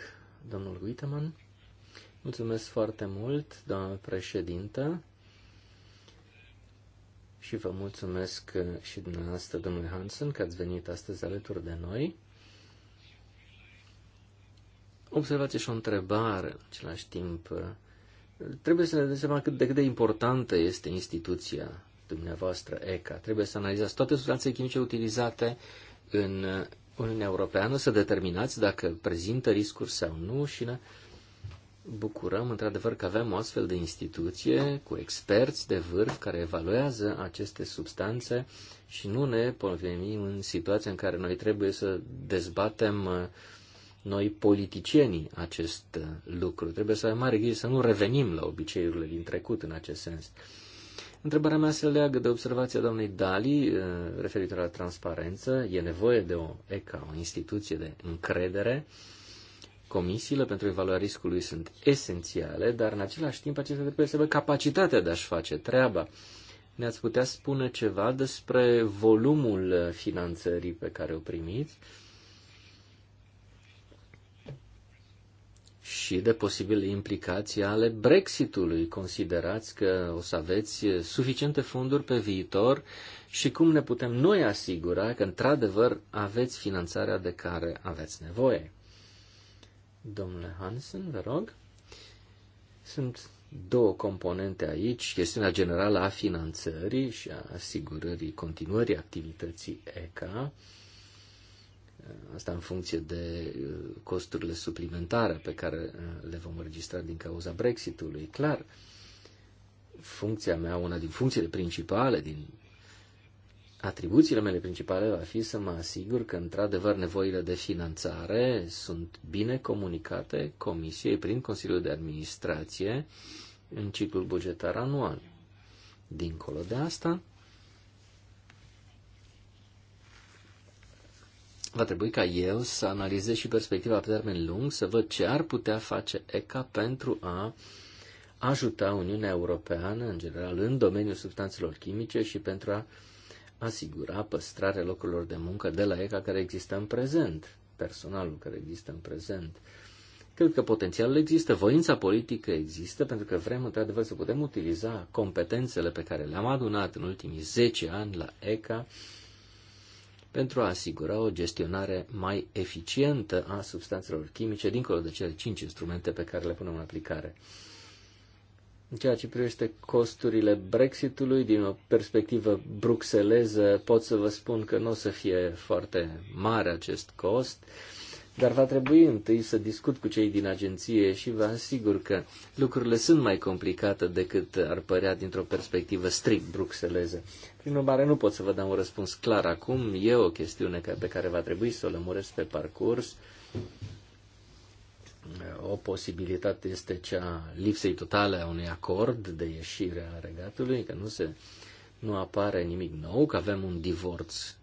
domnul Guiteman. Mulțumesc foarte mult, doamnă președintă. Și vă mulțumesc și dumneavoastră, domnule Hansen, că ați venit astăzi alături de noi observație și o întrebare în același timp. Trebuie să ne dăm seama cât de, cât de importantă este instituția dumneavoastră ECA. Trebuie să analizați toate substanțele chimice utilizate în Uniunea Europeană, să determinați dacă prezintă riscuri sau nu și ne bucurăm într-adevăr că avem o astfel de instituție cu experți de vârf care evaluează aceste substanțe și nu ne povenim în situația în care noi trebuie să dezbatem uh, noi politicienii acest uh, lucru. Trebuie să avem mare grijă să nu revenim la obiceiurile din trecut în acest sens. Întrebarea mea se leagă de observația doamnei Dali uh, referitoare la transparență. E nevoie de o ECA, o instituție de încredere. Comisiile pentru evaluarea riscului sunt esențiale, dar în același timp acestea trebuie să aibă capacitatea de a-și face treaba. Ne-ați putea spune ceva despre volumul uh, finanțării pe care o primiți? Uh, și de posibile implicații ale Brexitului. Considerați că o să aveți suficiente fonduri pe viitor și cum ne putem noi asigura că într-adevăr aveți finanțarea de care aveți nevoie. Domnule Hansen, vă rog. Sunt două componente aici, chestiunea generală a finanțării și a asigurării continuării activității ECA Asta în funcție de uh, costurile suplimentare pe care uh, le vom înregistra din cauza Brexitului. Clar, funcția mea, una din funcțiile principale, din atribuțiile mele principale va fi să mă asigur că, într-adevăr, nevoile de finanțare sunt bine comunicate Comisiei prin Consiliul de Administrație în ciclul bugetar anual. Dincolo de asta, va trebui ca eu să analizez și perspectiva pe termen lung, să văd ce ar putea face ECA pentru a ajuta Uniunea Europeană, în general, în domeniul substanțelor chimice și pentru a asigura păstrarea locurilor de muncă de la ECA care există în prezent, personalul care există în prezent. Cred că potențialul există, voința politică există, pentru că vrem într-adevăr să putem utiliza competențele pe care le-am adunat în ultimii 10 ani la ECA pentru a asigura o gestionare mai eficientă a substanțelor chimice, dincolo de cele cinci instrumente pe care le punem în aplicare. În ceea ce privește costurile Brexitului, din o perspectivă bruxeleză, pot să vă spun că nu o să fie foarte mare acest cost. Uh, dar va trebui întâi să discut cu cei din agenție și vă asigur că lucrurile sunt mai complicate decât ar părea dintr-o perspectivă strict bruxeleză. Prin urmare, nu pot să vă dau un răspuns clar acum. E o chestiune pe care va trebui să o lămuresc pe parcurs. O posibilitate este cea lipsei totale a unui acord de ieșire a regatului, că nu, se, nu apare nimic nou, că avem un divorț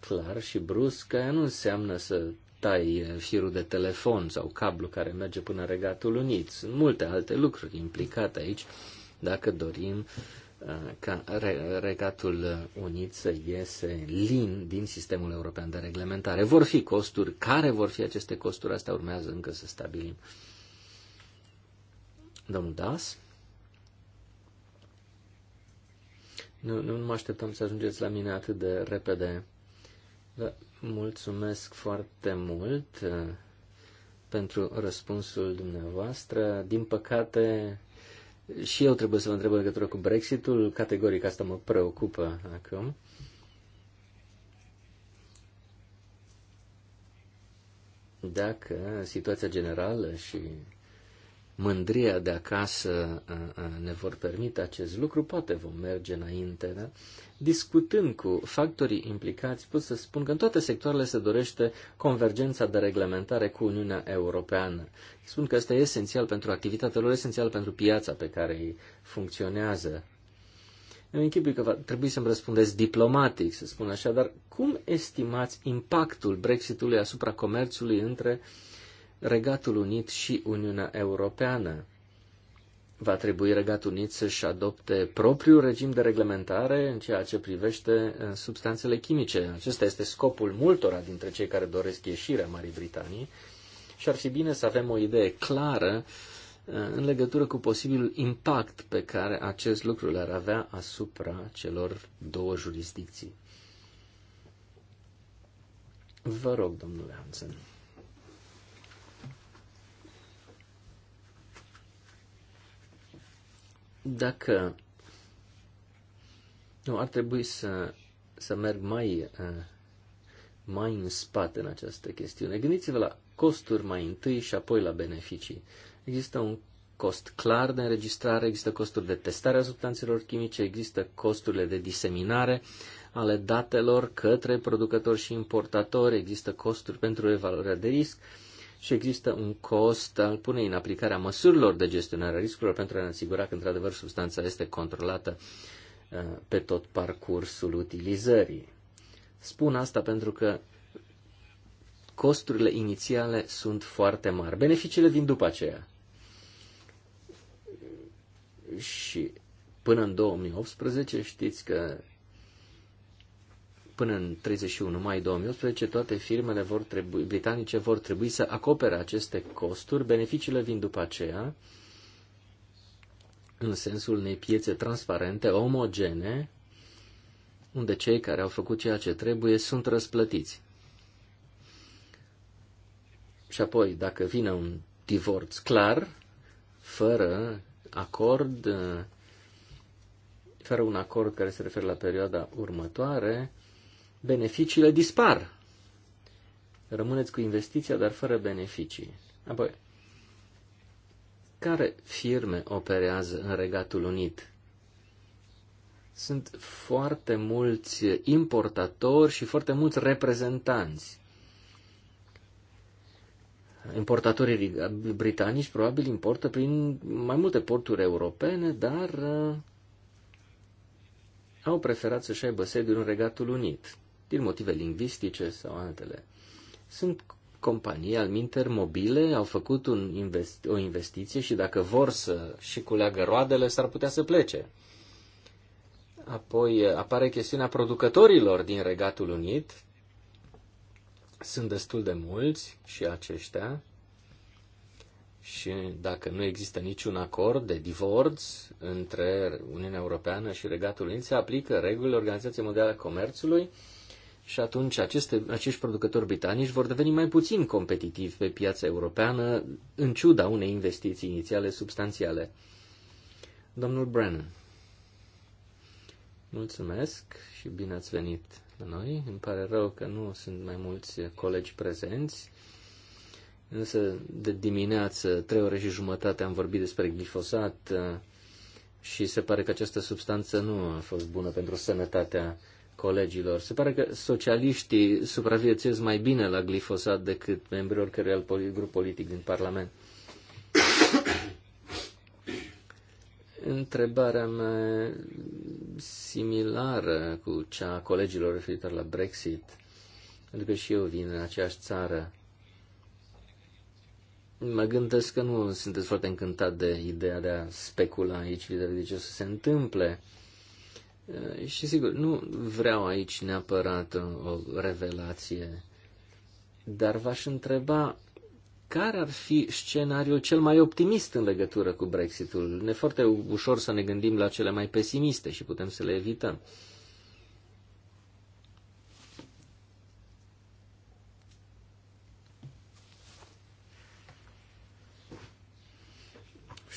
clar și brusc, că aia nu înseamnă să tai firul de telefon sau cablu care merge până în Regatul Unit. Sunt multe alte lucruri implicate aici dacă dorim uh, ca Regatul Unit să iese lin din sistemul european de reglementare. Vor fi costuri. Care vor fi aceste costuri? Asta urmează încă să stabilim. Domnul Das? Nu, nu mă așteptam să ajungeți la mine atât de repede. Da, mulțumesc foarte mult uh, pentru răspunsul dumneavoastră. Din păcate, și eu trebuie să vă întreb legătură cu Brexitul. Categoric asta mă preocupă acum. Dacă situația generală și mândria de acasă uh, uh, ne vor permite acest lucru, poate vom merge înainte. Da? Discutând cu factorii implicați, pot să spun că în toate sectoarele se dorește convergența de reglementare cu Uniunea Europeană. Spun că asta e esențial pentru activitatea lor, esențial pentru piața pe care îi funcționează. În închipui că va trebui să-mi răspundeți diplomatic, să spun așa, dar cum estimați impactul Brexitului asupra comerțului între uh, Regatul Unit și Uniunea Europeană. Va trebui Regatul Unit să-și adopte propriul regim de reglementare în ceea ce privește eh, substanțele chimice. Acesta este scopul multora dintre cei care doresc ieșirea Marii Britanii și ar fi bine să avem o idee clară eh, în legătură cu posibilul impact pe care acest lucru l-ar avea asupra celor două jurisdicții. Vă rog, domnule Hansen. Dacă nu, ar trebui să, să merg mai, eh, mai în spate în această chestiune. Gândiți-vă la costuri mai întâi și apoi la beneficii. Există un cost clar de înregistrare, există costuri de testare a substanțelor chimice, există costurile de diseminare ale datelor către producători și importatori, există costuri pentru evaluarea de risc, și există un cost al punei în aplicare a măsurilor de gestionare a riscurilor pentru a ne asigura că, într-adevăr, substanța este controlată uh, pe tot parcursul utilizării. Spun asta pentru că costurile inițiale sunt foarte mari. Beneficiile vin după aceea. Și până în 2018 știți că Până în 31 mai 2018, toate firmele vor trebui, britanice vor trebui să acopere aceste costuri, beneficiile vin după aceea, în sensul unei piețe transparente, omogene, unde cei care au făcut ceea ce trebuie sunt răsplătiți. Și apoi, dacă vine un divorț clar, fără acord, fără un acord care se referă la perioada următoare, beneficiile dispar. Rămâneți cu investiția, dar fără beneficii. Apoi, care firme operează în Regatul Unit? Sunt foarte mulți importatori și foarte mulți reprezentanți. Importatorii britanici probabil importă prin mai multe porturi europene, dar uh, au preferat să-și aibă sediul în Regatul Unit din motive lingvistice sau altele. Sunt companii al minter mobile, au făcut un investi- o investiție și dacă vor să și culeagă roadele, s-ar putea să plece. Apoi eh, apare chestiunea producătorilor din Regatul Unit. Sunt destul de mulți și aceștia. Și dacă nu există niciun acord de divorț între Uniunea Europeană și Regatul Unit, se aplică regulile Organizației Mondiale a Comerțului, și atunci aceste, acești producători britanici vor deveni mai puțin competitivi pe piața europeană, în ciuda unei investiții inițiale substanțiale. Domnul Brennan, mulțumesc și bine ați venit la noi. Îmi pare rău că nu sunt mai mulți colegi prezenți, însă de dimineață, trei ore și jumătate, am vorbit despre glifosat uh, și se pare că această substanță nu a fost bună pentru sănătatea colegilor. Se pare că socialiștii supraviețuiesc mai bine la glifosat decât membrii oricărui alt grup politic din Parlament. Întrebarea mea similară cu cea a colegilor referitor la Brexit, pentru că și eu vin în aceeași țară. Mă gândesc că nu sunteți foarte încântat de ideea de a specula aici, de ce o să se întâmple. Și sigur, nu vreau aici neapărat o revelație, dar v-aș întreba care ar fi scenariul cel mai optimist în legătură cu Brexitul. Ne foarte ușor să ne gândim la cele mai pesimiste și putem să le evităm.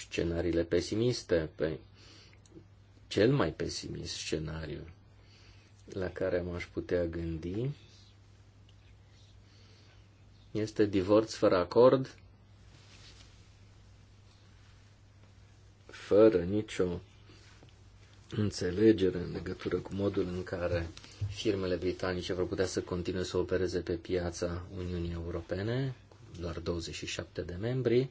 Scenariile pesimiste, pe cel mai pesimist scenariu la care m-aș putea gândi este divorț fără acord, fără nicio înțelegere în legătură cu modul în care firmele britanice vor putea să continue să opereze pe piața Uniunii Europene, cu doar 27 de membri,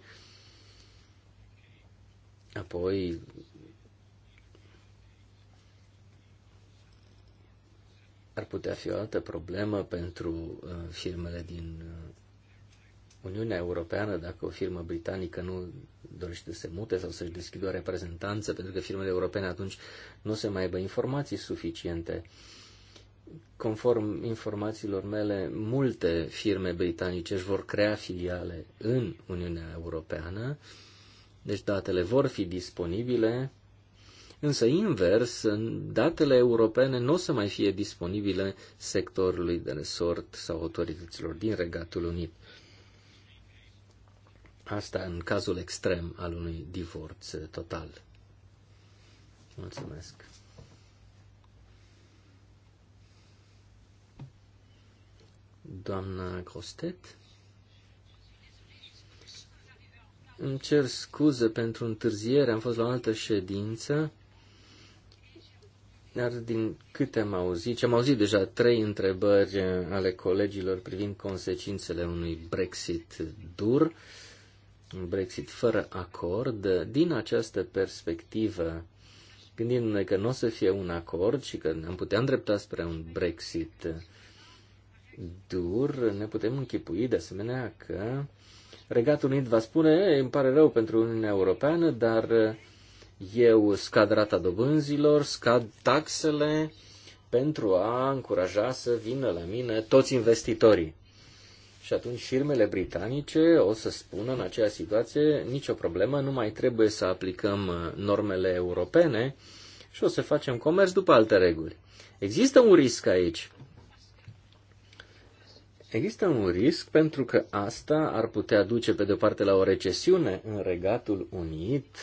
apoi ar putea fi o altă problemă pentru uh, firmele din uh, Uniunea Europeană, dacă o firmă britanică nu dorește să se mute sau să-și deschidă o reprezentanță, pentru că firmele europene atunci nu se mai aibă informații suficiente. Conform informațiilor mele, multe firme britanice își vor crea filiale în Uniunea Europeană, deci datele vor fi disponibile, Însă, invers, datele europene nu o să mai fie disponibile sectorului de resort sau autorităților din Regatul Unit. Asta în cazul extrem al unui divorț total. Mulțumesc. Doamna Costet. Îmi cer scuze pentru întârziere, am fost la o altă ședință. Dar din câte am auzit, și am auzit deja trei întrebări ale colegilor privind consecințele unui Brexit dur, un Brexit fără acord, din această perspectivă, gândindu-ne că nu o să fie un acord și că am putea îndrepta spre un Brexit dur, ne putem închipui de asemenea că Regatul Unit va spune, îmi pare rău pentru Uniunea Europeană, dar eu scad rata dobânzilor, scad taxele pentru a încuraja să vină la mine toți investitorii. Și atunci firmele britanice o să spună în aceea situație nicio problemă, nu mai trebuie să aplicăm uh, normele europene și o să facem comerț după alte reguli. Există un risc aici. Există un risc pentru că asta ar putea duce pe de-o parte la o recesiune în Regatul Unit,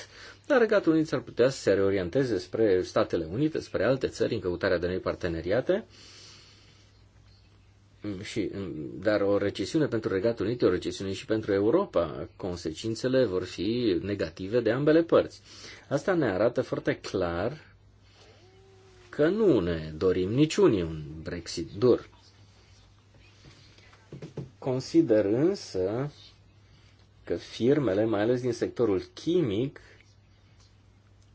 dar Regatul Unit ar putea să se reorienteze spre Statele Unite, spre alte țări în căutarea de noi parteneriate. Și, dar o recesiune pentru Regatul Unit e o recesiune și pentru Europa. Consecințele vor fi negative de ambele părți. Asta ne arată foarte clar că nu ne dorim niciunii un Brexit dur. Consider însă că firmele, mai ales din sectorul chimic,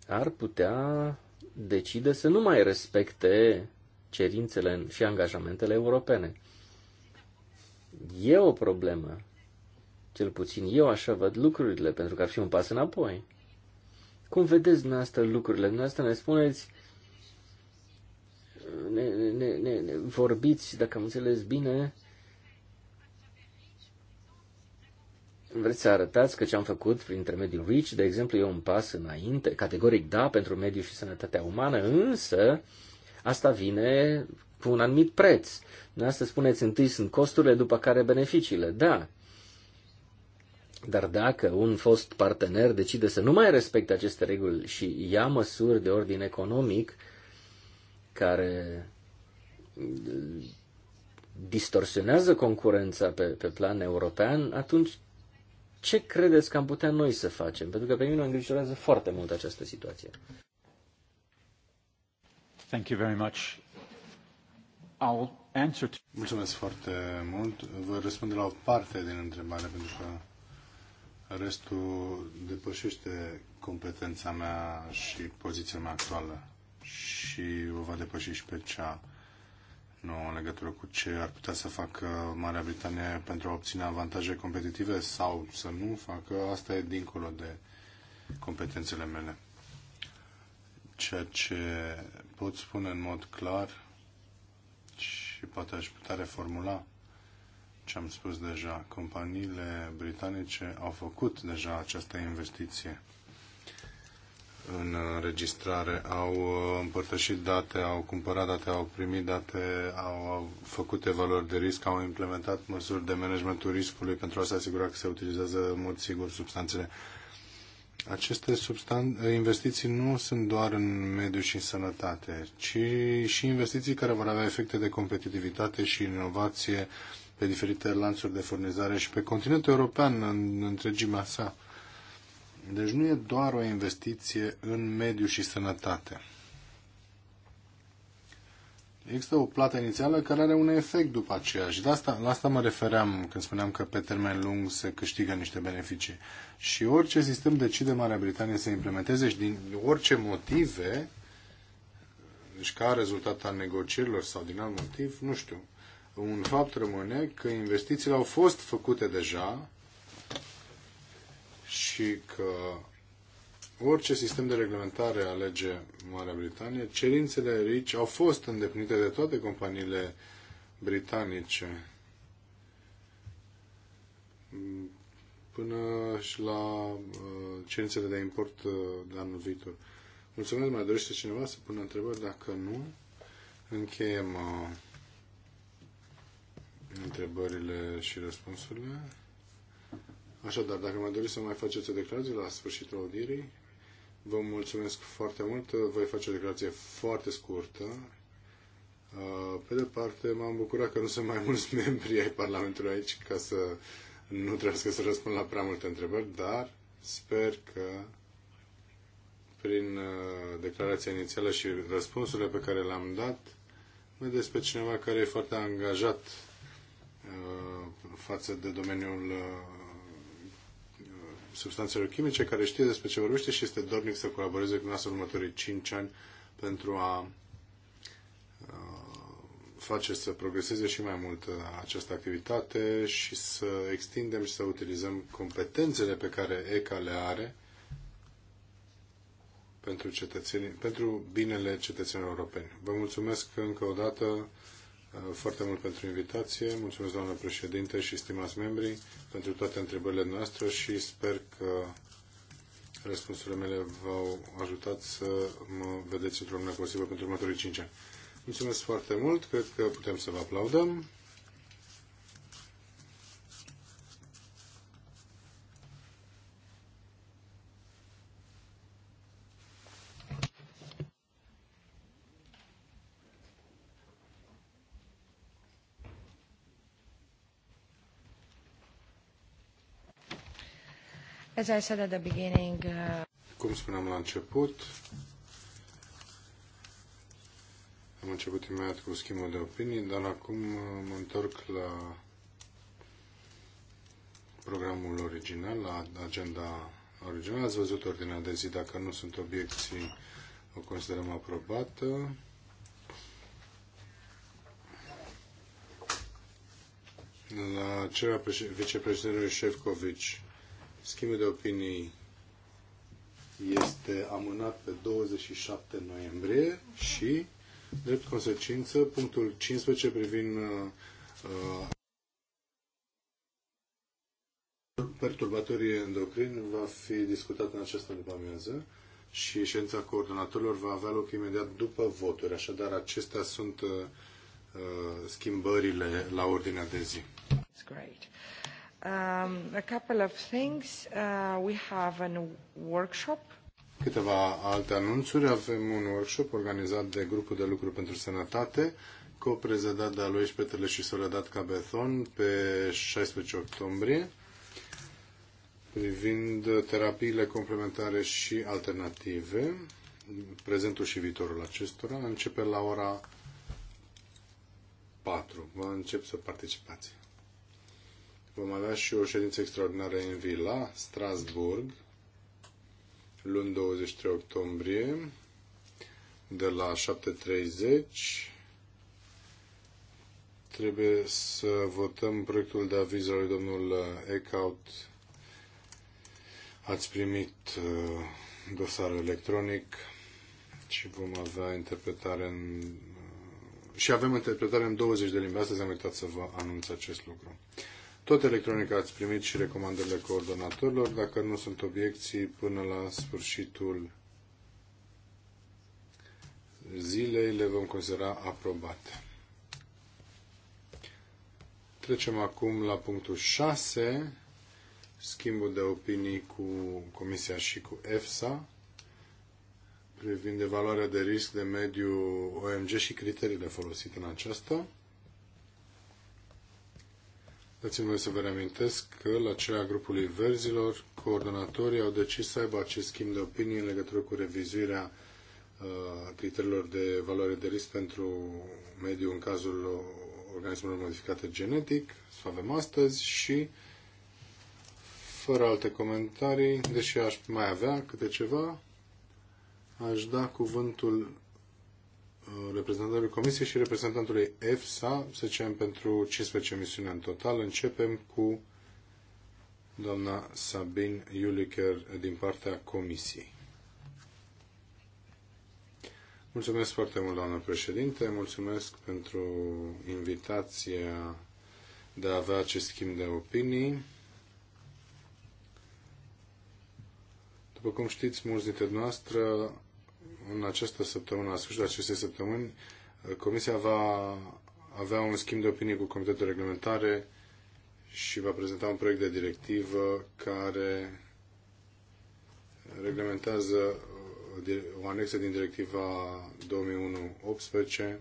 ar putea decide să nu mai respecte cerințele și angajamentele europene. E o problemă. Cel puțin eu așa văd lucrurile, pentru că ar fi un pas înapoi. Cum vedeți dumneavoastră lucrurile? Dumneavoastră ne spuneți, ne, ne, ne, ne vorbiți, dacă am înțeles bine, vreți să arătați că ce am făcut prin intermediul RICH, de exemplu, e un pas înainte, categoric da, pentru mediul și sănătatea umană, însă asta vine cu un anumit preț. Asta spuneți întâi sunt costurile, după care beneficiile. Da. Dar dacă un fost partener decide să nu mai respecte aceste reguli și ia măsuri de ordin economic care distorsionează concurența pe, pe plan european, atunci ce credeți că am putea noi să facem? Pentru că pe mine mă îngrijorează foarte mult această situație. Thank you very much. I'll answer to... Mulțumesc foarte mult. Vă răspunde la o parte din întrebare, pentru că restul depășește competența mea și poziția mea actuală și o va depăși și pe cea nu în legătură cu ce ar putea să facă Marea Britanie pentru a obține avantaje competitive sau să nu facă, asta e dincolo de competențele mele. Ceea ce pot spune în mod clar și poate aș putea reformula ce am spus deja, companiile britanice au făcut deja această investiție în înregistrare, au uh, împărtășit date, au cumpărat date, au primit date, au făcut evaluări de risc, au implementat măsuri de managementul riscului pentru a se asigura că se utilizează în mod sigur substanțele. Aceste substan- investiții nu sunt doar în mediu și în sănătate, ci și investiții care vor avea efecte de competitivitate și inovație pe diferite lanțuri de furnizare și pe continentul european în întregimea sa deci nu e doar o investiție în mediu și sănătate. Există o plată inițială care are un efect după aceea și de asta, la asta mă refeream când spuneam că pe termen lung se câștigă niște beneficii. Și orice sistem decide Marea Britanie să implementeze și din orice motive, deci ca rezultat al negocierilor sau din alt motiv, nu știu, un fapt rămâne că investițiile au fost făcute deja și că orice sistem de reglementare alege Marea Britanie, cerințele RICI au fost îndeplinite de toate companiile britanice până și la uh, cerințele de import uh, de anul viitor. Mulțumesc, mai dorește cineva să pună întrebări? Dacă nu, încheiem uh, întrebările și răspunsurile. Așadar, dacă mai doriți să mai faceți o declarație la sfârșitul audierii, vă mulțumesc foarte mult. Voi face o declarație foarte scurtă. Uh, pe de parte, m-am bucurat că nu sunt mai mulți membri ai Parlamentului aici ca să nu trebuie să răspund la prea multe întrebări, dar sper că prin uh, declarația inițială și răspunsurile pe care le-am dat, vedeți pe cineva care e foarte angajat uh, față de domeniul substanțelor chimice, care știe despre ce vorbește și este dornic să colaboreze cu noastră în următorii 5 ani pentru a uh, face să progreseze și mai mult uh, această activitate și să extindem și să utilizăm competențele pe care ECA le are pentru, pentru binele cetățenilor europeni. Vă mulțumesc încă o dată Uh, foarte mult pentru invitație. Mulțumesc, doamnă președinte și stimați membri, pentru toate întrebările noastre și sper că răspunsurile mele v-au ajutat să mă vedeți într-o lume posibilă pentru următorii 5 ani. Mulțumesc foarte mult, cred că putem să vă aplaudăm. As I said at the beginning, uh, Cum spuneam la început, am început imediat cu schimbul de opinii, dar acum uh, mă întorc la programul original, la agenda originală. Ați văzut ordinea de zi, dacă nu sunt obiecții, o considerăm aprobată. La cererea vicepreședintelui Șefcovici Schimbul de opinii este amânat pe 27 noiembrie și, drept consecință, punctul 15 privind uh, uh, perturbatorii endocrini va fi discutat în această după-amiază și ședința coordonatorilor va avea loc imediat după voturi. Așadar, acestea sunt uh, schimbările la ordinea de zi. That's great. Um, a couple of things. Uh, we have a workshop. Câteva alte anunțuri. Avem un workshop organizat de Grupul de Lucru pentru Sănătate, co de Alois Petrele și Soledad Cabezon pe 16 octombrie privind terapiile complementare și alternative, prezentul și viitorul acestora, începe la ora 4. Vă încep să participați. Vom avea și o ședință extraordinară în Vila, Strasburg, luni 23 octombrie, de la 7.30. Trebuie să votăm proiectul de aviz al lui domnul Eckhout. Ați primit uh, dosar electronic și vom avea interpretare în... Uh, și avem interpretare în 20 de limbi. Astăzi am uitat să vă anunț acest lucru. Tot electronic ați primit și recomandările coordonatorilor. Dacă nu sunt obiecții, până la sfârșitul zilei le vom considera aprobate. Trecem acum la punctul 6, schimbul de opinii cu Comisia și cu EFSA privind evaluarea de risc de mediu OMG și criteriile folosite în aceasta. Dați-mi voi să vă reamintesc că la cea grupului verzilor, coordonatorii au decis să aibă acest schimb de opinie în legătură cu revizuirea uh, criteriilor de valoare de risc pentru mediul în cazul organismelor modificate genetic, să avem astăzi și fără alte comentarii, deși aș mai avea câte ceva, aș da cuvântul reprezentantului Comisiei și reprezentantului EFSA, să zicem, pentru 15 misiuni în total. Începem cu doamna Sabine Iulicher din partea Comisiei. Mulțumesc foarte mult, doamnă președinte, mulțumesc pentru invitația de a avea acest schimb de opinii. După cum știți, mulți dintre noastre, în această săptămână, la sfârșitul acestei săptămâni, uh, Comisia va avea un schimb de opinie cu Comitetul de Reglementare și va prezenta un proiect de directivă care reglementează uh, o anexă din directiva 2001-18,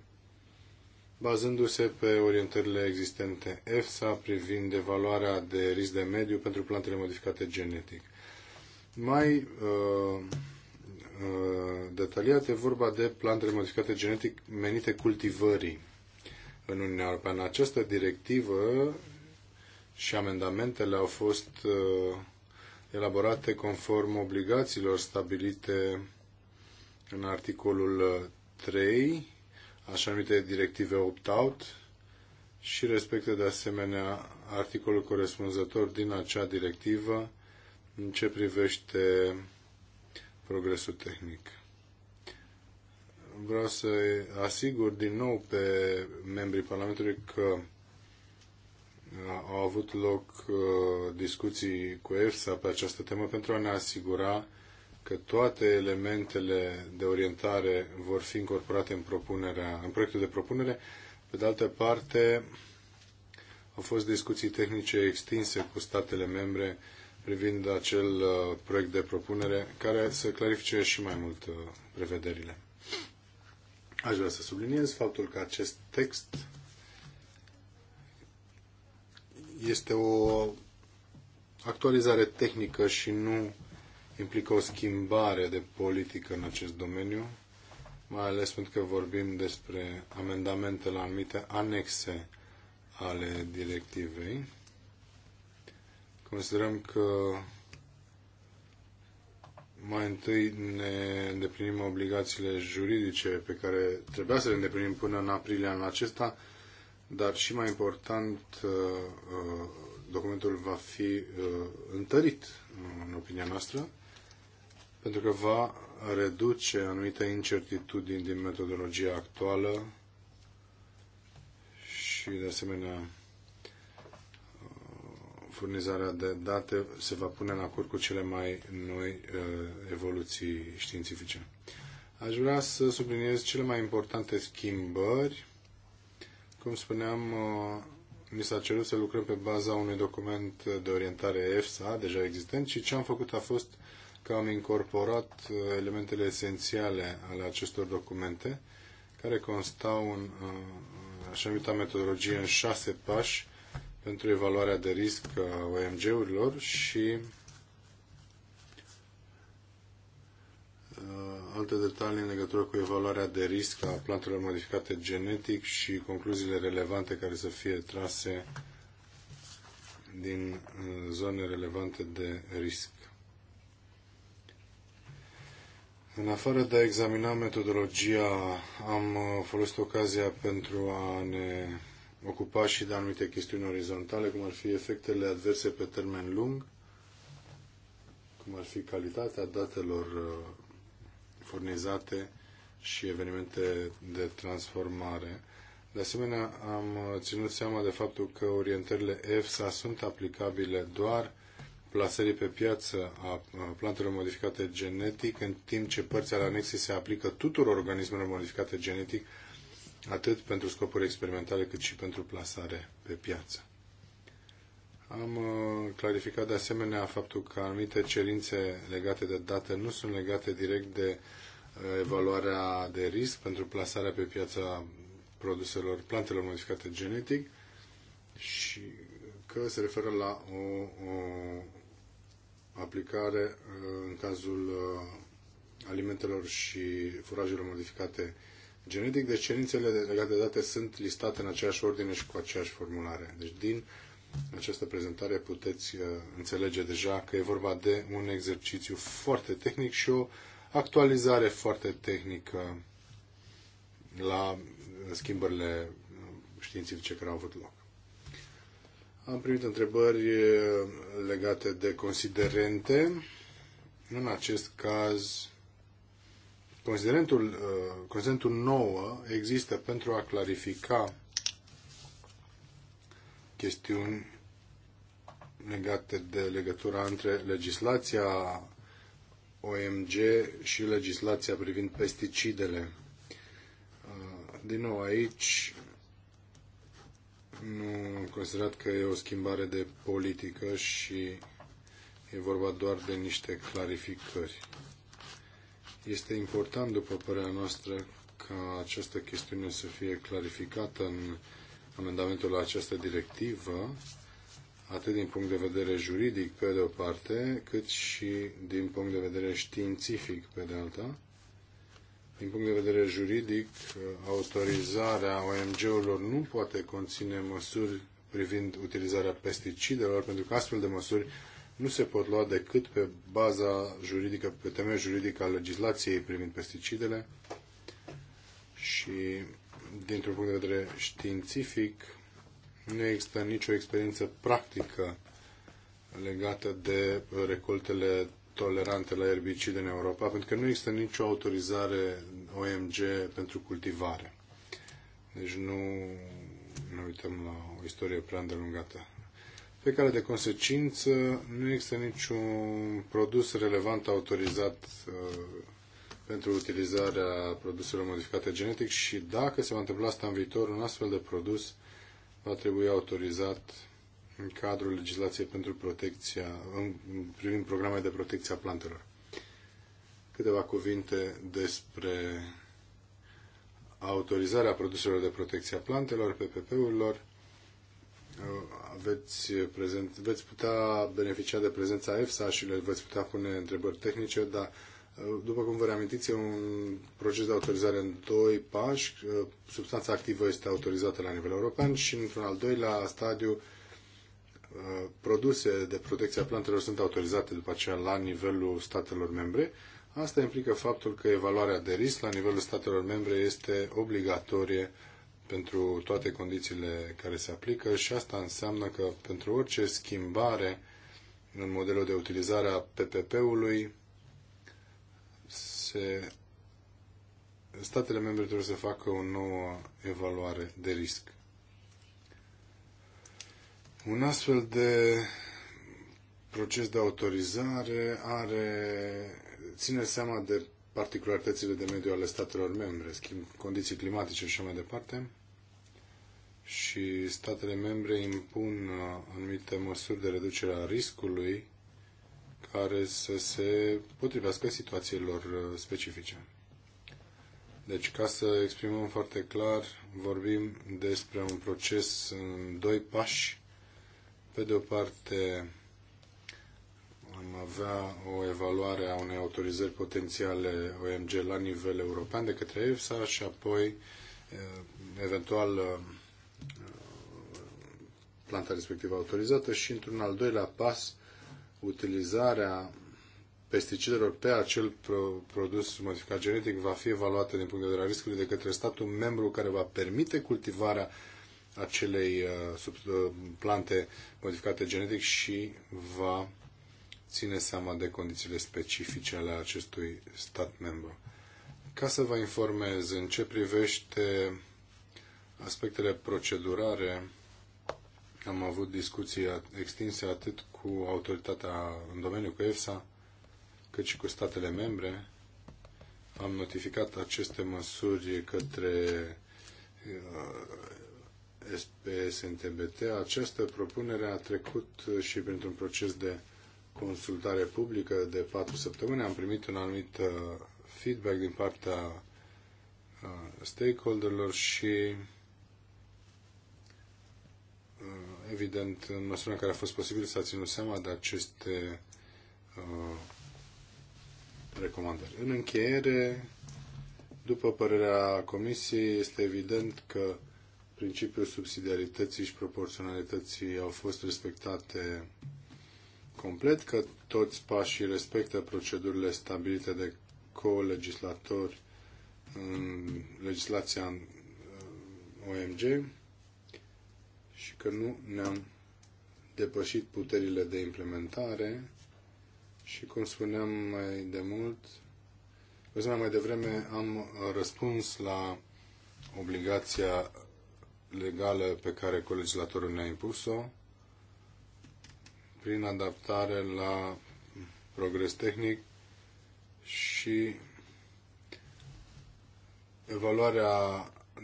bazându-se pe orientările existente EFSA privind evaluarea de risc de mediu pentru plantele modificate genetic. Mai uh, Uh, detaliat, e vorba de plantele modificate genetic menite cultivării în Uniunea Europeană. Această directivă și amendamentele au fost uh, elaborate conform obligațiilor stabilite în articolul 3, uh, așa numite directive opt-out, și respectă de asemenea articolul corespunzător din acea directivă în ce privește progresul tehnic. Vreau să asigur din nou pe membrii Parlamentului că uh, au avut loc uh, discuții cu EFSA pe această temă pentru a ne asigura că toate elementele de orientare vor fi incorporate în, propunerea, în proiectul de propunere. Pe de altă parte, au fost discuții tehnice extinse cu statele membre privind acel uh, proiect de propunere care să clarifice și mai mult uh, prevederile. Aș vrea să subliniez faptul că acest text este o actualizare tehnică și nu implică o schimbare de politică în acest domeniu, mai ales pentru că vorbim despre amendamente la anumite anexe ale directivei. Considerăm că mai întâi ne îndeplinim obligațiile juridice pe care trebuia să le îndeplinim până în aprilie anul acesta, dar și mai important, uh, uh, documentul va fi uh, întărit, în opinia noastră, pentru că va reduce anumite incertitudini din metodologia actuală și, de asemenea, furnizarea de date se va pune în acord cu cele mai noi uh, evoluții științifice. Aș vrea să subliniez cele mai importante schimbări. Cum spuneam, mi uh, s-a cerut să lucrăm pe baza unui document de orientare EFSA, deja existent, și ce am făcut a fost că am incorporat uh, elementele esențiale ale acestor documente, care constau în așa numita metodologie în șase pași, pentru evaluarea de risc a OMG-urilor și uh, alte detalii în legătură cu evaluarea de risc a plantelor modificate genetic și concluziile relevante care să fie trase din uh, zone relevante de risc. În afară de a examina metodologia, am uh, folosit ocazia pentru a ne ocupa și de anumite chestiuni orizontale, cum ar fi efectele adverse pe termen lung, cum ar fi calitatea datelor uh, furnizate și evenimente de transformare. De asemenea, am uh, ținut seama de faptul că orientările EFSA sunt aplicabile doar plasării pe piață a plantelor modificate genetic, în timp ce părți ale anexei se aplică tuturor organismelor modificate genetic, atât pentru scopuri experimentale cât și pentru plasare pe piață. Am uh, clarificat de asemenea faptul că anumite cerințe legate de date nu sunt legate direct de uh, evaluarea de risc pentru plasarea pe piața produselor, plantelor modificate genetic și că se referă la o, o aplicare uh, în cazul alimentelor și furajelor modificate genetic, deci cerințele legate de date sunt listate în aceeași ordine și cu aceeași formulare. Deci din această prezentare puteți uh, înțelege deja că e vorba de un exercițiu foarte tehnic și o actualizare foarte tehnică la schimbările uh, științifice care au avut loc. Am primit întrebări uh, legate de considerente. În acest caz, Considerentul, uh, considerentul nouă există pentru a clarifica chestiuni legate de legătura între legislația OMG și legislația privind pesticidele. Uh, din nou, aici nu am considerat că e o schimbare de politică și e vorba doar de niște clarificări. Este important, după părerea noastră, ca această chestiune să fie clarificată în amendamentul la această directivă, atât din punct de vedere juridic, pe de o parte, cât și din punct de vedere științific, pe de alta. Din punct de vedere juridic, autorizarea OMG-urilor nu poate conține măsuri privind utilizarea pesticidelor, pentru că astfel de măsuri nu se pot lua decât pe baza juridică, pe temeiul juridic al legislației privind pesticidele și dintr-un punct de vedere științific nu există nicio experiență practică legată de recoltele tolerante la erbicide în Europa, pentru că nu există nicio autorizare OMG pentru cultivare. Deci nu ne uităm la o istorie prea îndelungată pe care de consecință nu există niciun produs relevant autorizat uh, pentru utilizarea produselor modificate genetic și dacă se va întâmpla asta în viitor, un astfel de produs va trebui autorizat în cadrul legislației pentru protecția, în, privind programele de protecție a plantelor. Câteva cuvinte despre autorizarea produselor de protecție a plantelor, PPP-urilor. Uh, aveți uh, prezent, veți putea beneficia de prezența EFSA și le veți putea pune întrebări tehnice, dar uh, după cum vă reamintiți, e un proces de autorizare în doi pași. Substanța activă este autorizată la nivel european și într-un al doilea stadiu produse de protecție a plantelor sunt autorizate după aceea la nivelul statelor membre. Asta implică faptul că evaluarea de risc la nivelul statelor membre este obligatorie uh, pentru toate condițiile care se aplică și asta înseamnă că pentru orice schimbare în modelul de utilizare a PPP-ului, se... statele membre trebuie să facă o nouă evaluare de risc. Un astfel de proces de autorizare are, ține seama de particularitățile de mediu ale statelor membre, schimb, condiții climatice și așa mai departe și statele membre impun uh, anumite măsuri de reducere a riscului care să se potrivească situațiilor uh, specifice. Deci, ca să exprimăm foarte clar, vorbim despre un proces în doi pași. Pe de o parte, am avea o evaluare a unei autorizări potențiale OMG la nivel european de către EFSA și apoi, uh, eventual, planta respectivă autorizată și, într-un al doilea pas, utilizarea pesticidelor pe acel produs modificat genetic va fi evaluată din punct de vedere a riscului de către statul membru care va permite cultivarea acelei uh, sub, uh, plante modificate genetic și va ține seama de condițiile specifice ale acestui stat membru. Ca să vă informez în ce privește aspectele procedurare, am avut discuții extinse atât cu autoritatea în domeniu, cu EFSA, cât și cu statele membre. Am notificat aceste măsuri către uh, SPS-NTBT. Această propunere a trecut și printr-un proces de consultare publică de patru săptămâni. Am primit un anumit uh, feedback din partea uh, stakeholderilor și Evident, în măsura în care a fost posibil s-a ținut seama de aceste uh, recomandări. În încheiere, după părerea Comisiei, este evident că principiul subsidiarității și proporționalității au fost respectate complet, că toți pașii respectă procedurile stabilite de co-legislatori în legislația uh, OMG și că nu ne-am depășit puterile de implementare și, cum spuneam mai de mult, cum spuneam mai devreme, am răspuns la obligația legală pe care colegislatorul ne-a impus-o prin adaptare la progres tehnic și evaluarea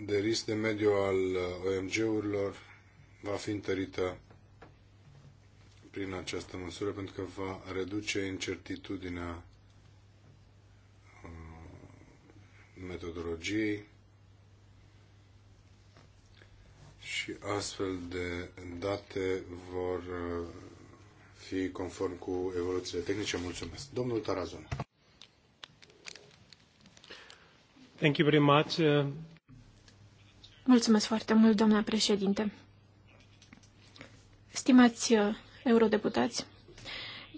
de risc de mediu al uh, OMG-urilor va fi întărită prin această măsură pentru că va reduce incertitudinea uh, metodologiei și astfel de date vor uh, fi conform cu evoluțiile tehnice. Mulțumesc. Domnul Tarazon. Thank you very much. Uh, Mulțumesc foarte mult, doamna președinte. Stimați uh, eurodeputați,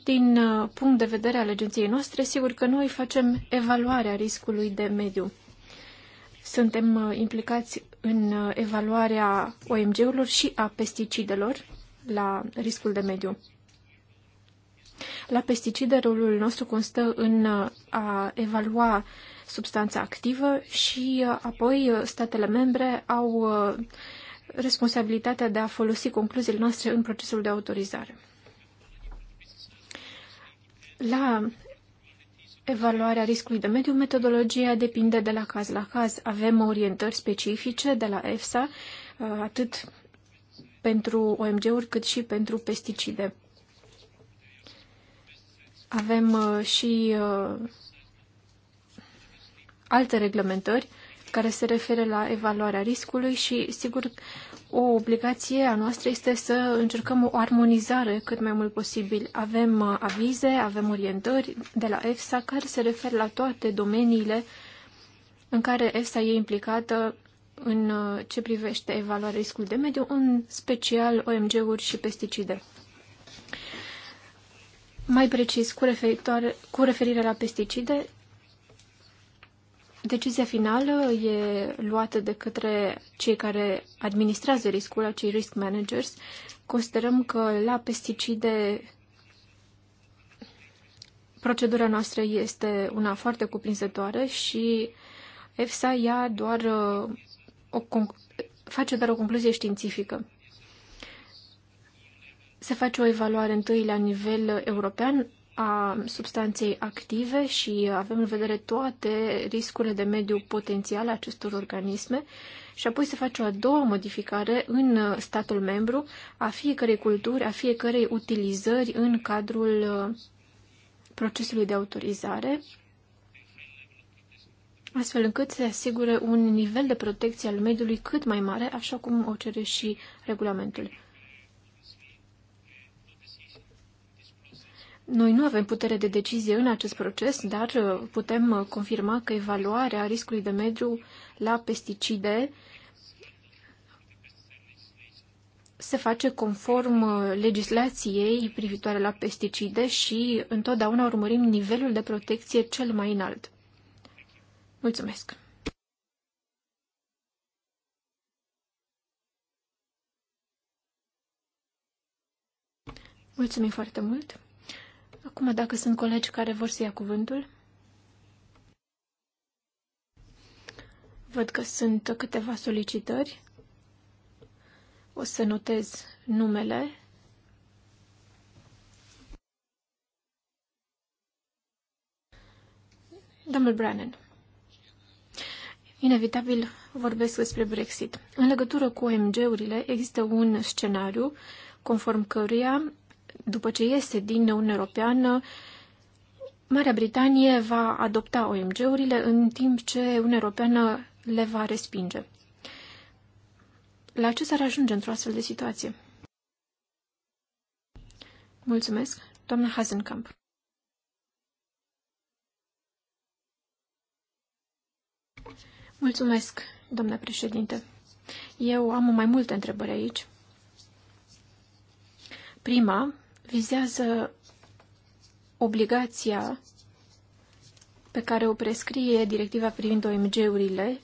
din uh, punct de vedere al agenției noastre, sigur că noi facem evaluarea riscului de mediu. Suntem uh, implicați în evaluarea OMG-urilor și a pesticidelor la riscul de mediu. La pesticide, rolul nostru constă în a evalua substanța activă și apoi statele membre au responsabilitatea de a folosi concluziile noastre în procesul de autorizare. La evaluarea riscului de mediu, metodologia depinde de la caz la caz. Avem orientări specifice de la EFSA, uh, atât pentru OMG-uri cât și pentru pesticide. Avem uh, și uh, alte reglementări care se referă la evaluarea riscului și, sigur, o obligație a noastră este să încercăm o armonizare cât mai mult posibil. Avem uh, avize, avem orientări de la EFSA care se referă la toate domeniile în care EFSA e implicată în uh, ce privește evaluarea riscului de mediu, în special OMG-uri și pesticide. Mai precis, cu, referitoare, cu referire la pesticide, Decizia finală e luată de către cei care administrează riscul, acei risk managers. Considerăm că la pesticide procedura noastră este una foarte cuprinzătoare și EFSA ia doar uh, o, face doar o concluzie științifică. Se face o evaluare întâi la nivel european, a substanței active și avem în vedere toate riscurile de mediu potențiale acestor organisme și apoi se face o a doua modificare în statul membru a fiecărei culturi, a fiecărei utilizări în cadrul uh, procesului de autorizare, astfel încât se asigure un nivel de protecție al mediului cât mai mare, așa cum o cere și regulamentul. Noi nu avem putere de decizie în acest proces, dar uh, putem uh, confirma că evaluarea riscului de mediu la pesticide se face conform uh, legislației privitoare la pesticide și întotdeauna urmărim nivelul de protecție cel mai înalt. Mulțumesc! Mulțumim foarte mult! Acum, dacă sunt colegi care vor să ia cuvântul. Văd că sunt câteva solicitări. O să notez numele. Domnul Brannan. Inevitabil vorbesc despre Brexit. În legătură cu OMG-urile există un scenariu conform căruia după ce iese din Uniunea Europeană, Marea Britanie va adopta OMG-urile în timp ce Uniunea Europeană le va respinge. La ce s-ar ajunge într-o astfel de situație? Mulțumesc, doamna Hazenkamp. Mulțumesc, doamna președinte. Eu am mai multe întrebări aici. Prima vizează obligația pe care o prescrie directiva privind OMG-urile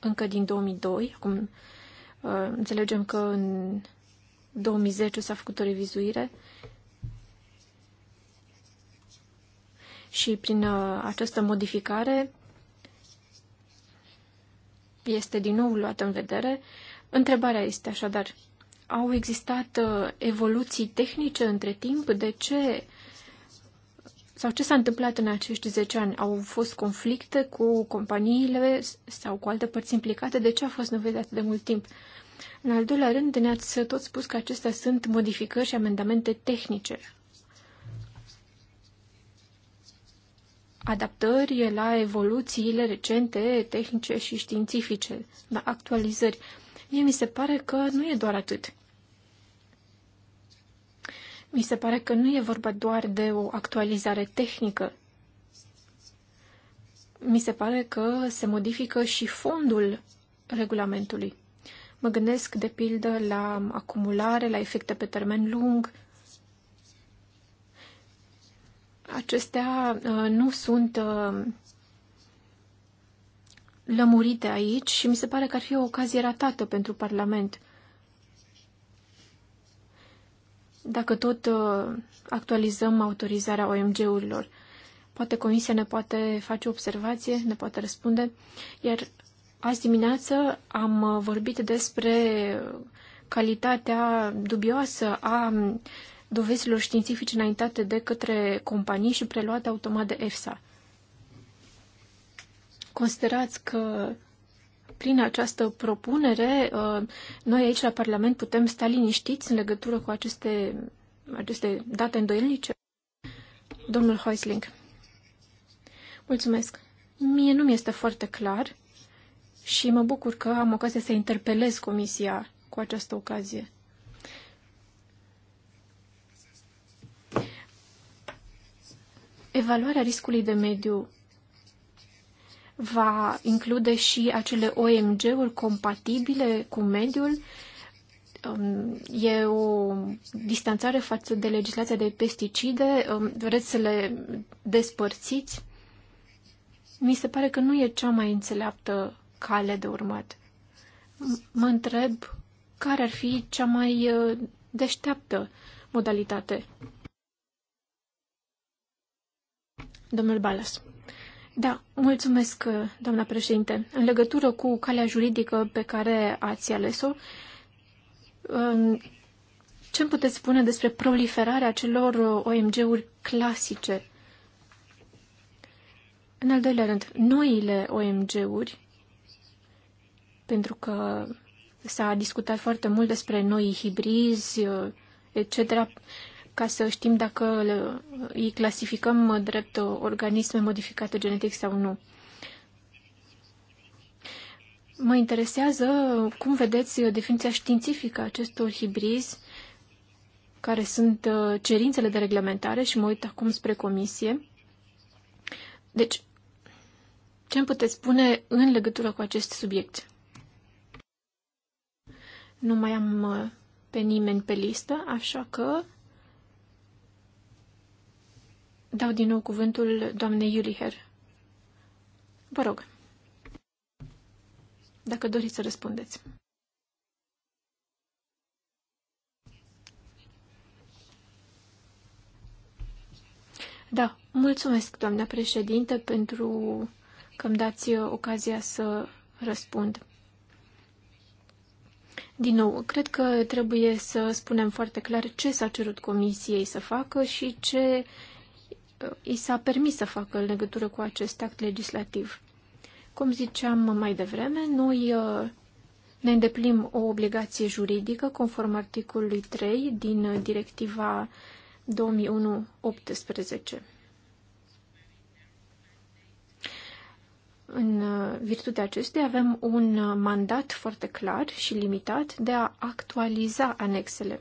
încă din 2002. Acum uh, înțelegem că în 2010 s-a făcut o revizuire și prin uh, această modificare este din nou luată în vedere. Întrebarea este așadar, au existat uh, evoluții tehnice între timp? De ce? Sau ce s-a întâmplat în acești 10 ani? Au fost conflicte cu companiile sau cu alte părți implicate? De ce a fost nevoie de atât de mult timp? În al doilea rând, ne-ați tot spus că acestea sunt modificări și amendamente tehnice. Adaptări la evoluțiile recente, tehnice și științifice, la actualizări. Mie mi se pare că nu e doar atât. Mi se pare că nu e vorba doar de o actualizare tehnică. Mi se pare că se modifică și fondul regulamentului. Mă gândesc, de pildă, la acumulare, la efecte pe termen lung. Acestea uh, nu sunt uh, lămurite aici și mi se pare că ar fi o ocazie ratată pentru Parlament. Dacă tot uh, actualizăm autorizarea OMG-urilor, poate Comisia ne poate face observație, ne poate răspunde, iar azi dimineață am uh, vorbit despre calitatea dubioasă a um, dovezilor științifice înaintate de către companii și preluate automat de EFSA. Considerați că prin această propunere uh, noi aici la Parlament putem sta liniștiți în legătură cu aceste, aceste date îndoielnice? Domnul Heusling. Mulțumesc. Mie nu mi este foarte clar și mă bucur că am ocazia să interpelez Comisia cu această ocazie. Evaluarea riscului de mediu va include și acele OMG-uri compatibile cu mediul. Um, e o distanțare față de legislația de pesticide. Um, vreți să le despărțiți? Mi se pare că nu e cea mai înțeleaptă cale de urmat. Mă întreb care ar fi cea mai uh, deșteaptă modalitate. Domnul Balas. Da, mulțumesc, uh, doamna președinte. În legătură cu calea juridică pe care ați ales-o, um, ce îmi puteți spune despre proliferarea celor uh, OMG-uri clasice? În al doilea rând, noile OMG-uri, pentru că s-a discutat foarte mult despre noi hibrizi, uh, etc ca să știm dacă îi clasificăm drept organisme modificate genetic sau nu. Mă interesează cum vedeți definiția științifică a acestor hibrizi, care sunt uh, cerințele de reglementare și mă uit acum spre comisie. Deci, ce îmi puteți spune în legătură cu acest subiect? Nu mai am uh, pe nimeni pe listă, așa că Dau din nou cuvântul doamnei Iuliher. Vă rog, dacă doriți să răspundeți. Da, mulțumesc, doamna președinte, pentru că îmi dați ocazia să răspund. Din nou, cred că trebuie să spunem foarte clar ce s-a cerut comisiei să facă și ce i s-a permis să facă în legătură cu acest act legislativ. Cum ziceam mai devreme, noi uh, ne îndeplim o obligație juridică conform articolului 3 din directiva 2001-18. În uh, virtutea acestei avem un uh, mandat foarte clar și limitat de a actualiza anexele.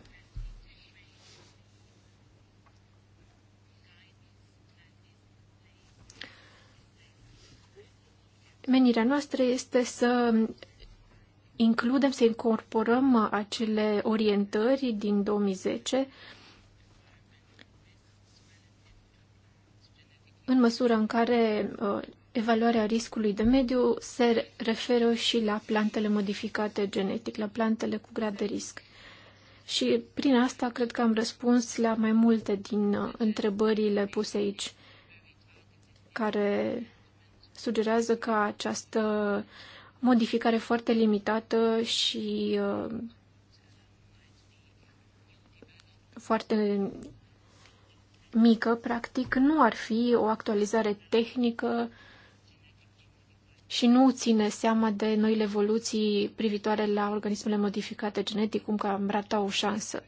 Menirea noastră este să includem, să incorporăm acele orientări din 2010 în măsura în care uh, evaluarea riscului de mediu se referă și la plantele modificate genetic, la plantele cu grad de risc. Și prin asta cred că am răspuns la mai multe din uh, întrebările puse aici, care sugerează ca această modificare foarte limitată și uh, foarte mică, practic, nu ar fi o actualizare tehnică și nu ține seama de noile evoluții privitoare la organismele modificate genetic, cum că am ratat o șansă.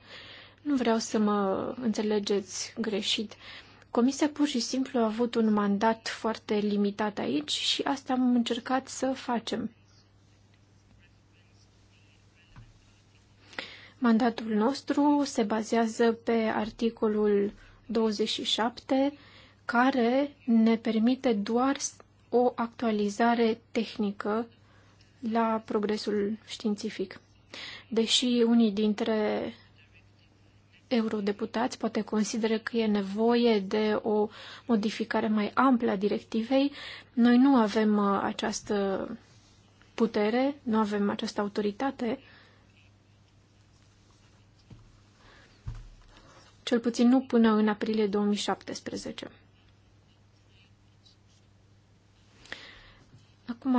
Nu vreau să mă înțelegeți greșit. Uh, Comisia pur și simplu a avut un mandat foarte limitat aici și asta am încercat să facem. Mandatul nostru se bazează pe articolul 27, care ne permite doar o actualizare tehnică la progresul științific. Deși unii dintre eurodeputați poate consideră că e nevoie de o modificare mai amplă a directivei. Noi nu avem uh, această putere, nu avem această autoritate. Cel puțin nu până în aprilie 2017. Acum,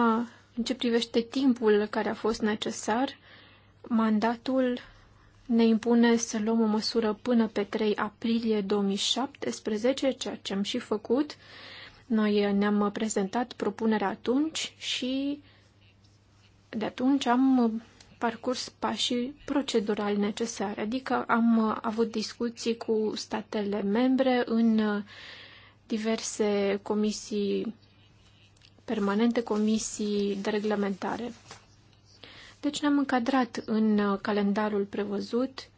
în ce privește timpul care a fost necesar, mandatul ne impune să luăm o măsură până pe 3 aprilie 2017, ceea ce am și făcut. Noi ne-am prezentat propunerea atunci și de atunci am parcurs pașii procedurali necesare, adică am avut discuții cu statele membre în diverse comisii permanente, comisii de reglementare. Deci ne-am încadrat în uh, calendarul prevăzut.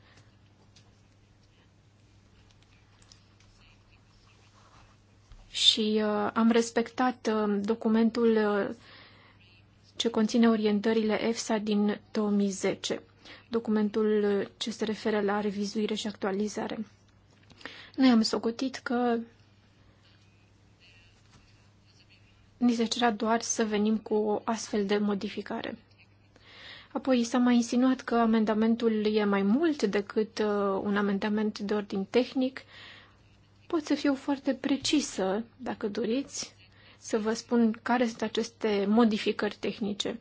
Și uh, am respectat uh, documentul uh, ce conține orientările EFSA din 2010, documentul uh, ce se referă la revizuire și actualizare. Noi am socotit că ni se cerea doar să venim cu o astfel de modificare. Apoi s-a mai insinuat că amendamentul e mai mult decât uh, un amendament de ordin tehnic. Pot să fiu foarte precisă, dacă doriți, să vă spun care sunt aceste modificări tehnice.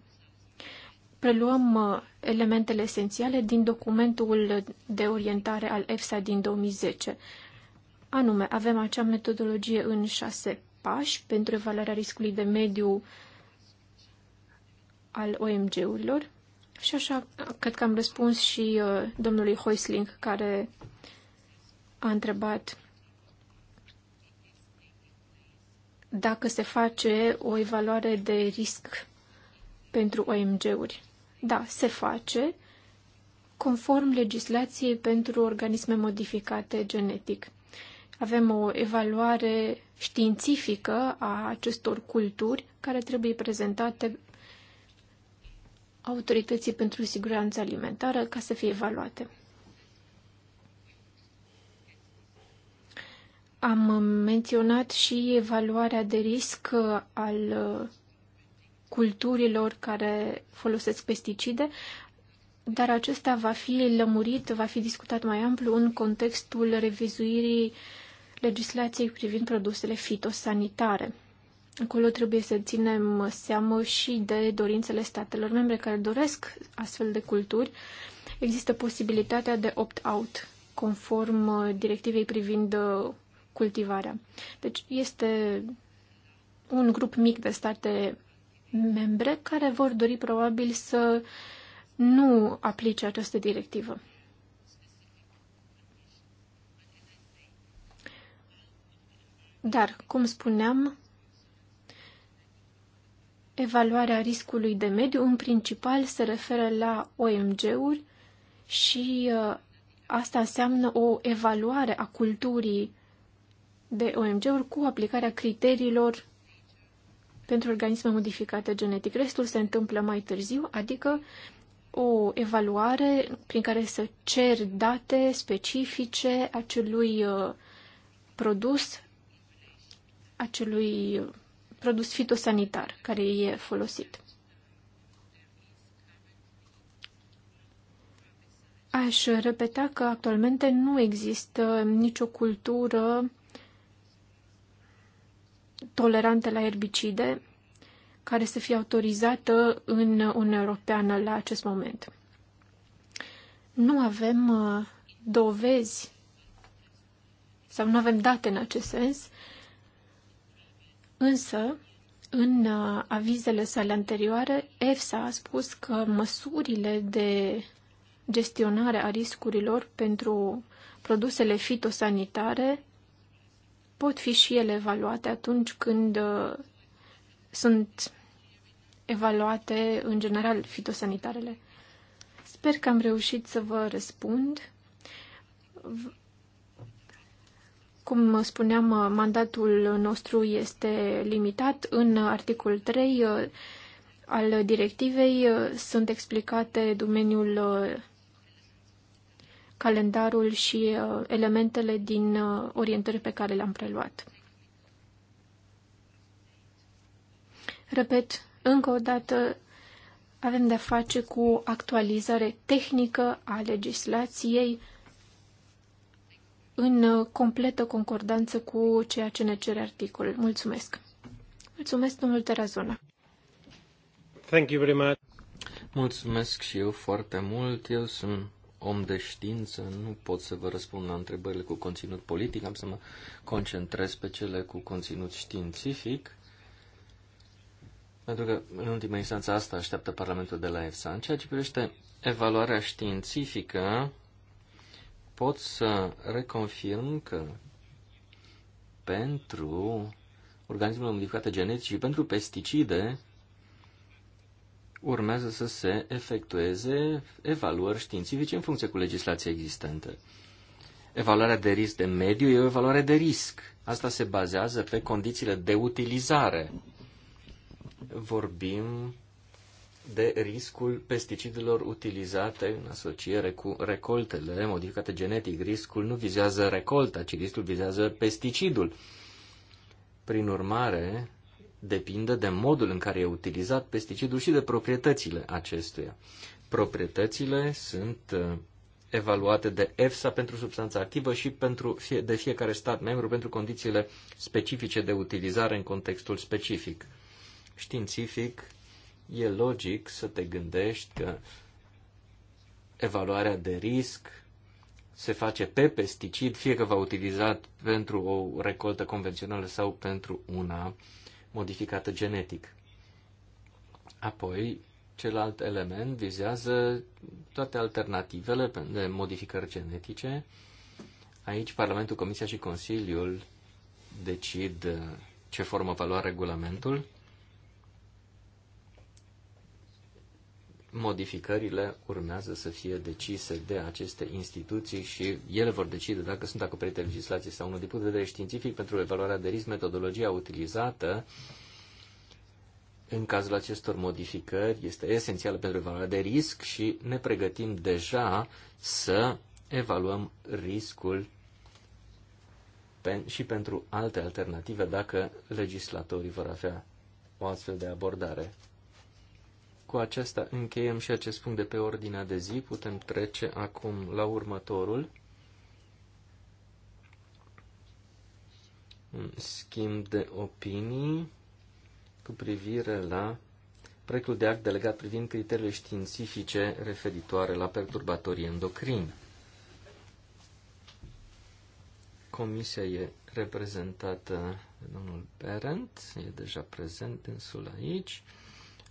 Preluăm uh, elementele esențiale din documentul de orientare al EFSA din 2010. Anume, avem acea metodologie în șase pași pentru evaluarea riscului de mediu al OMG-urilor, și așa, cred că am răspuns și uh, domnului Hoisling, care a întrebat dacă se face o evaluare de risc pentru OMG-uri. Da, se face conform legislației pentru organisme modificate genetic. Avem o evaluare științifică a acestor culturi care trebuie prezentate Autorității pentru Siguranță Alimentară ca să fie evaluate. Am menționat și evaluarea de risc al culturilor care folosesc pesticide, dar acesta va fi lămurit, va fi discutat mai amplu în contextul revizuirii legislației privind produsele fitosanitare. Acolo trebuie să ținem seamă și de dorințele statelor membre care doresc astfel de culturi. Există posibilitatea de opt-out conform uh, directivei privind uh, cultivarea. Deci este un grup mic de state membre care vor dori probabil să nu aplice această directivă. Dar, cum spuneam, Evaluarea riscului de mediu în principal se referă la OMG-uri și uh, asta înseamnă o evaluare a culturii de OMG-uri cu aplicarea criteriilor pentru organisme modificate genetic. Restul se întâmplă mai târziu, adică o evaluare prin care să cer date specifice acelui uh, produs, acelui produs fitosanitar care e folosit. Aș repeta că actualmente nu există nicio cultură tolerantă la erbicide care să fie autorizată în Uniunea Europeană la acest moment. Nu avem uh, dovezi sau nu avem date în acest sens Însă, în uh, avizele sale anterioare, EFSA a spus că măsurile de gestionare a riscurilor pentru produsele fitosanitare pot fi și ele evaluate atunci când uh, sunt evaluate în general fitosanitarele. Sper că am reușit să vă răspund. Cum spuneam, mandatul nostru este limitat. În articol 3 uh, al directivei uh, sunt explicate domeniul, uh, calendarul și elementele din orientări pe care le-am preluat. Repet, încă o dată, avem de-a face cu actualizare tehnică a legislației în completă concordanță cu ceea ce ne cere articolul. Mulțumesc! Mulțumesc, domnul Terazona! Thank you very much. Mulțumesc și eu foarte mult. Eu sunt om de știință, nu pot să vă răspund la întrebările cu conținut politic, am să mă concentrez pe cele cu conținut științific. Pentru că, în ultima instanță, asta așteaptă Parlamentul de la EFSA. În ceea ce privește evaluarea științifică, pot să reconfirm că pentru organismele modificate genetic și pentru pesticide urmează să se efectueze evaluări științifice în funcție cu legislația existentă. Evaluarea de risc de mediu e o evaluare de risc. Asta se bazează pe condițiile de utilizare. Vorbim de riscul pesticidelor utilizate în asociere cu recoltele modificate genetic. Riscul nu vizează recolta, ci riscul vizează pesticidul. Prin urmare, depinde de modul în care e utilizat pesticidul și de proprietățile acestuia. Proprietățile sunt uh, evaluate de EFSA pentru substanța activă și pentru fie, de fiecare stat membru pentru condițiile specifice de utilizare în contextul specific. Științific, e logic să te gândești că evaluarea de risc se face pe pesticid, fie că va utilizat pentru o recoltă convențională sau pentru una modificată genetic. Apoi, celălalt element vizează toate alternativele de modificări genetice. Aici Parlamentul, Comisia și Consiliul decid ce formă va lua regulamentul. modificările urmează să fie decise de aceste instituții și ele vor decide dacă sunt acoperite legislații sau nu. Din punct de vedere științific, pentru evaluarea de risc, metodologia utilizată în cazul acestor modificări este esențială pentru evaluarea de risc și ne pregătim deja să evaluăm riscul și pentru alte alternative dacă legislatorii vor avea o astfel de abordare. Cu aceasta încheiem și acest punct de pe ordinea de zi. Putem trece acum la următorul. Un schimb de opinii cu privire la proiectul de act delegat privind criteriile științifice referitoare la perturbatorii endocrini. Comisia e reprezentată de domnul Berend, e deja prezent însul aici.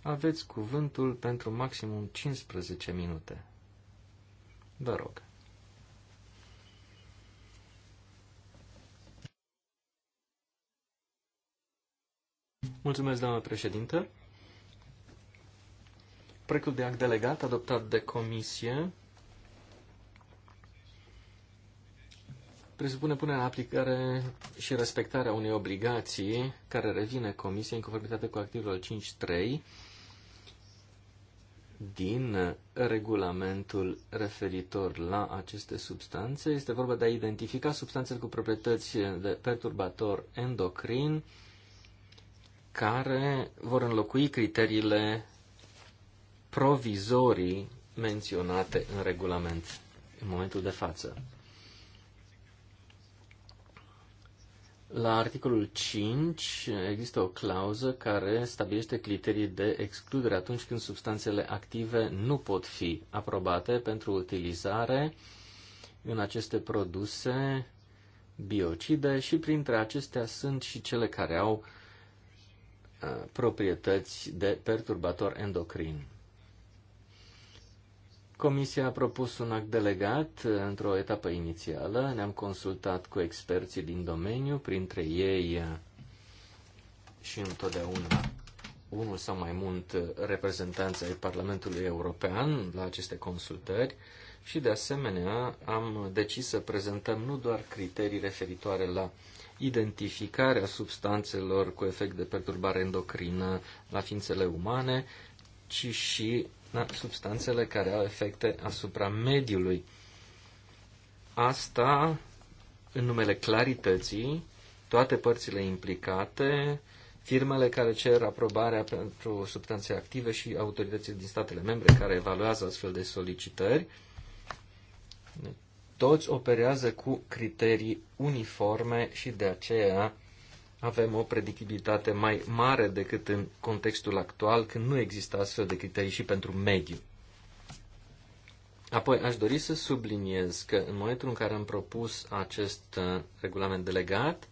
Aveți cuvântul pentru maximum 15 minute. Vă rog. Mulțumesc, doamnă președintă. Proiectul de act delegat adoptat de comisie presupune punerea în aplicare și respectarea unei obligații care revine comisiei în conformitate cu articolul din regulamentul referitor la aceste substanțe. Este vorba de a identifica substanțele cu proprietăți de perturbator endocrin care vor înlocui criteriile provizorii menționate în regulament în momentul de față. La articolul 5 există o clauză care stabilește criterii de excludere atunci când substanțele active nu pot fi aprobate pentru utilizare în aceste produse biocide și printre acestea sunt și cele care au uh, proprietăți de perturbator endocrin. Comisia a propus un act delegat uh, într-o etapă inițială. Ne-am consultat cu experții din domeniu, printre ei uh, și întotdeauna unul sau mai mult uh, reprezentanți ai Parlamentului European la aceste consultări și, de asemenea, am decis să prezentăm nu doar criterii referitoare la identificarea substanțelor cu efect de perturbare endocrină la ființele umane, ci și da, substanțele care au efecte asupra mediului. Asta, în numele clarității, toate părțile implicate, firmele care cer aprobarea pentru substanțe active și autoritățile din statele membre care evaluează astfel de solicitări, toți operează cu criterii uniforme și de aceea avem o predictibilitate mai mare decât în contextul actual, când nu există astfel de criterii și pentru mediu. Apoi, aș dori să subliniez că în momentul în care am propus acest uh, regulament delegat,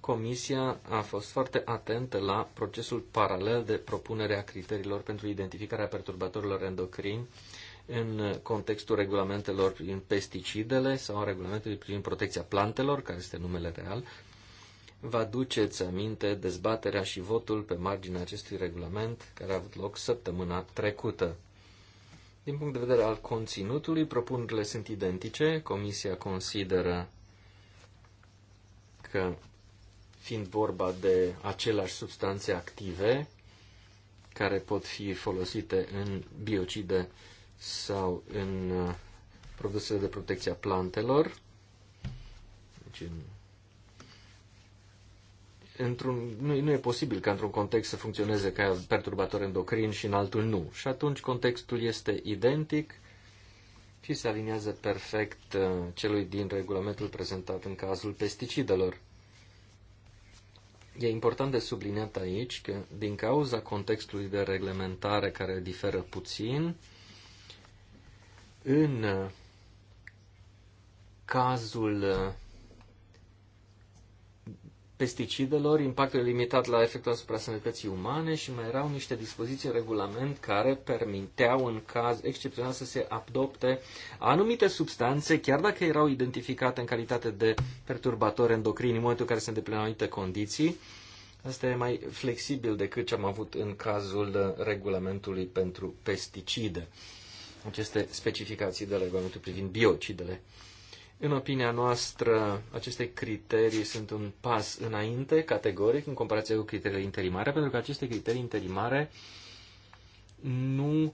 Comisia a fost foarte atentă la procesul paralel de propunere a criteriilor pentru identificarea perturbatorilor endocrini în contextul regulamentelor privind pesticidele sau regulamentului privind protecția plantelor, care este numele real, vă aduceți aminte dezbaterea și votul pe marginea acestui regulament care a avut loc săptămâna trecută. Din punct de vedere al conținutului, propunerile sunt identice. Comisia consideră că, fiind vorba de aceleași substanțe active care pot fi folosite în biocide sau în uh, produsele de protecție a plantelor, deci în într-un, nu, nu e posibil ca într-un context să funcționeze ca perturbator endocrin și în altul nu. Și atunci contextul este identic și se aliniază perfect uh, celui din regulamentul prezentat în cazul pesticidelor. E important de subliniat aici că, din cauza contextului de reglementare care diferă puțin, în uh, cazul uh, pesticidelor, impactul limitat la efectul asupra sănătății umane și mai erau niște dispoziții în regulament care permiteau în caz excepțional să se adopte anumite substanțe, chiar dacă erau identificate în calitate de perturbatori endocrini în momentul în care se îndeplineau anumite condiții. Asta e mai flexibil decât ce am avut în cazul uh, regulamentului pentru pesticide, aceste specificații de regulamentul privind biocidele. În opinia noastră, aceste criterii sunt un pas înainte, categoric, în comparație cu criteriile interimare, pentru că aceste criterii interimare nu uh,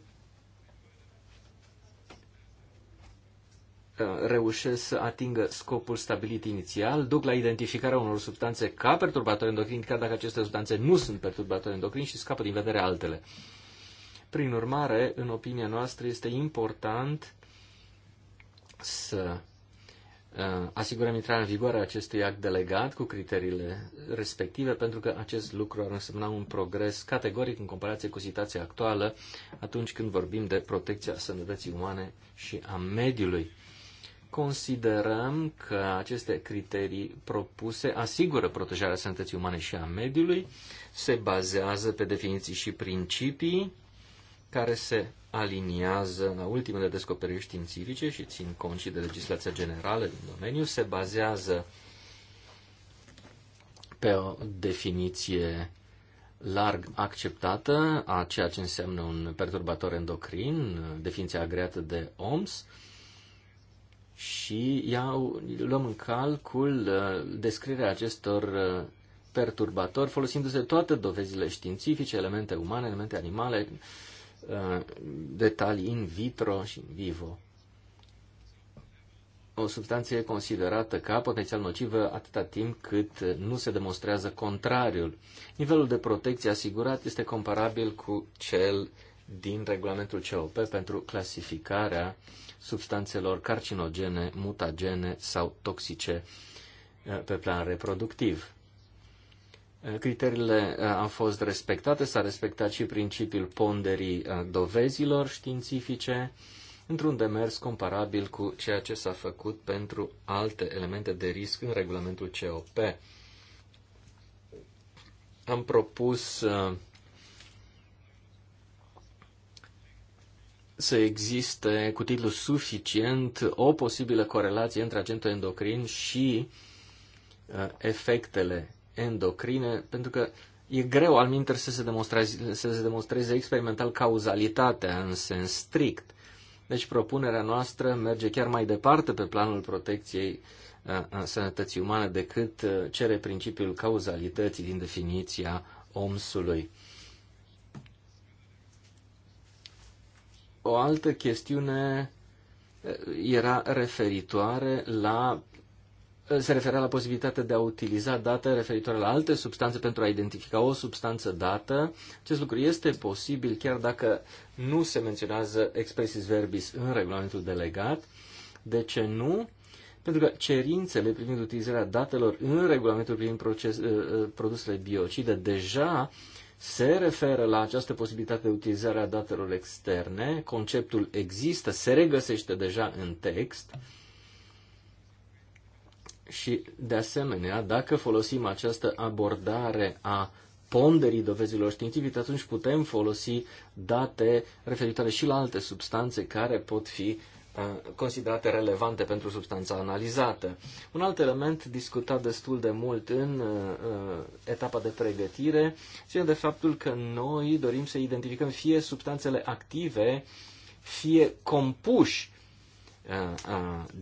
reușesc să atingă scopul stabilit inițial, duc la identificarea unor substanțe ca perturbatori endocrini, chiar dacă aceste substanțe nu sunt perturbatori endocrini și scapă din vedere altele. Prin urmare, în opinia noastră, este important să Uh, asigurăm intrarea în vigoare a acestui act delegat cu criteriile respective, pentru că acest lucru ar însemna un progres categoric în comparație cu situația actuală atunci când vorbim de protecția sănătății umane și a mediului. Considerăm că aceste criterii propuse asigură protejarea sănătății umane și a mediului, se bazează pe definiții și principii care se aliniază la ultimele descoperiri științifice și țin cont și de legislația generală din domeniu, se bazează pe o definiție larg acceptată a ceea ce înseamnă un perturbator endocrin, definiția agreată de OMS, și iau, luăm în calcul uh, descrierea acestor uh, perturbatori folosindu-se toate dovezile științifice, elemente umane, elemente animale, Uh, detalii in vitro și in vivo. O substanță e considerată ca potențial nocivă atâta timp cât nu se demonstrează contrariul. Nivelul de protecție asigurat este comparabil cu cel din regulamentul COP pentru clasificarea substanțelor carcinogene, mutagene sau toxice uh, pe plan reproductiv. Eh, criteriile eh, au fost respectate, s-a respectat și principiul ponderii eh, dovezilor științifice într-un demers comparabil cu ceea ce s-a făcut pentru alte elemente de risc în regulamentul COP. Am propus să existe cu titlu suficient o posibilă corelație între agentul endocrin și efectele endocrine, pentru că e greu al minter să se, demonstreze, să se demonstreze experimental cauzalitatea în sens strict. Deci propunerea noastră merge chiar mai departe pe planul protecției a uh, uh, sănătății umane decât uh, cere principiul cauzalității din definiția omsului. O altă chestiune era referitoare la se referea la posibilitatea de a utiliza date referitoare la alte substanțe pentru a identifica o substanță dată. Acest lucru este posibil chiar dacă nu se menționează expressis verbis în regulamentul delegat. De ce nu? Pentru că cerințele privind utilizarea datelor în regulamentul privind proces, ă, ă, produsele biocide deja se referă la această posibilitate de utilizare a datelor externe. Conceptul există, se regăsește deja în text. Și, de asemenea, dacă folosim această abordare a ponderii dovezilor științifice, atunci putem folosi date referitoare și la alte substanțe care pot fi uh, considerate relevante pentru substanța analizată. Un alt element discutat destul de mult în uh, uh, etapa de pregătire ține de faptul că noi dorim să identificăm fie substanțele active, fie compuși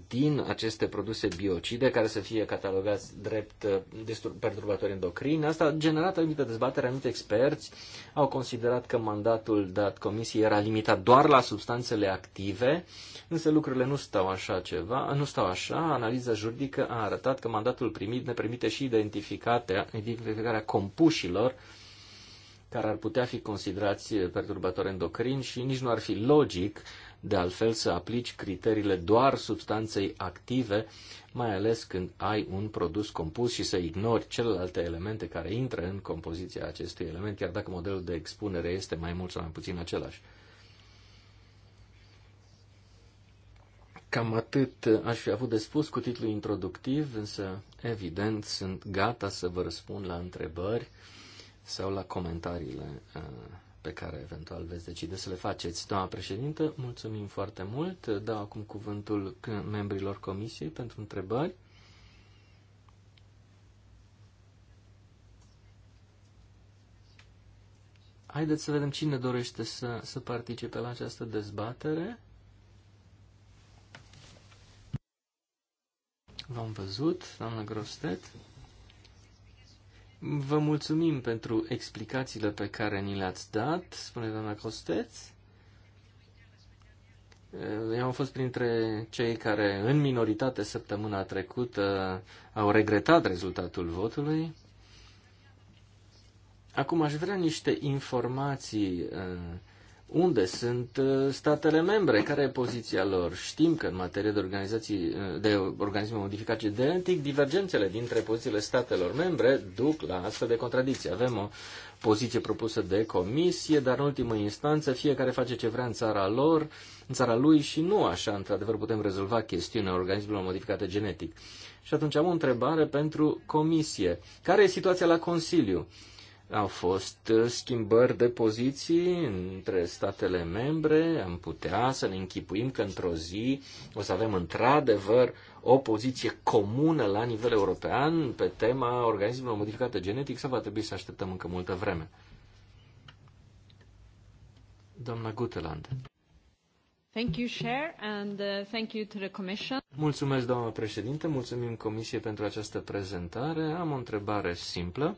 din aceste produse biocide care să fie catalogați drept perturbatori endocrini. Asta a generat o limită dezbatere, anumite experți au considerat că mandatul dat comisiei era limitat doar la substanțele active, însă lucrurile nu stau așa ceva, nu stau așa. Analiza juridică a arătat că mandatul primit ne permite și identificarea, identificarea compușilor care ar putea fi considerați perturbatori endocrini și nici nu ar fi logic uh, de altfel să aplici criteriile doar substanței active, mai ales când ai un produs compus și să ignori celelalte elemente care intră în compoziția acestui element, chiar dacă modelul de expunere este mai mult sau mai puțin același. Cam atât aș fi avut de spus cu titlul introductiv, însă evident sunt gata să vă răspund la întrebări sau la comentariile uh, pe care eventual veți decide să le faceți. Doamna președintă, mulțumim foarte mult. Dau acum cuvântul membrilor comisiei pentru întrebări. Haideți să vedem cine dorește să, să participe la această dezbatere. V-am văzut, doamna Grostet. Vă mulțumim pentru explicațiile pe care ni le-ați dat, spune doamna Costeț. Eu am fost printre cei care, în minoritate, săptămâna trecută au regretat rezultatul votului. Acum aș vrea niște informații uh, unde sunt uh, statele membre, care e poziția lor. Știm că în materie de, organizații, uh, de organisme modificate genetic, divergențele dintre pozițiile statelor membre duc la astfel de contradicții. Avem o poziție propusă de comisie, dar în ultimă instanță fiecare face ce vrea în țara lor, în țara lui și nu așa, într-adevăr, putem rezolva chestiunea organismelor modificate genetic. Și atunci am o întrebare pentru comisie. Care e situația la Consiliu? Au fost uh, schimbări de poziții între statele membre, am putea să ne închipuim că într-o zi o să avem într-adevăr o poziție comună la nivel european pe tema organismelor modificate genetic sau va trebui să așteptăm încă multă vreme? Doamna Guteland. Thank you, Chair, and uh, thank you to the Commission. Mulțumesc, doamnă președinte, mulțumim Comisiei pentru această prezentare. Am o întrebare simplă.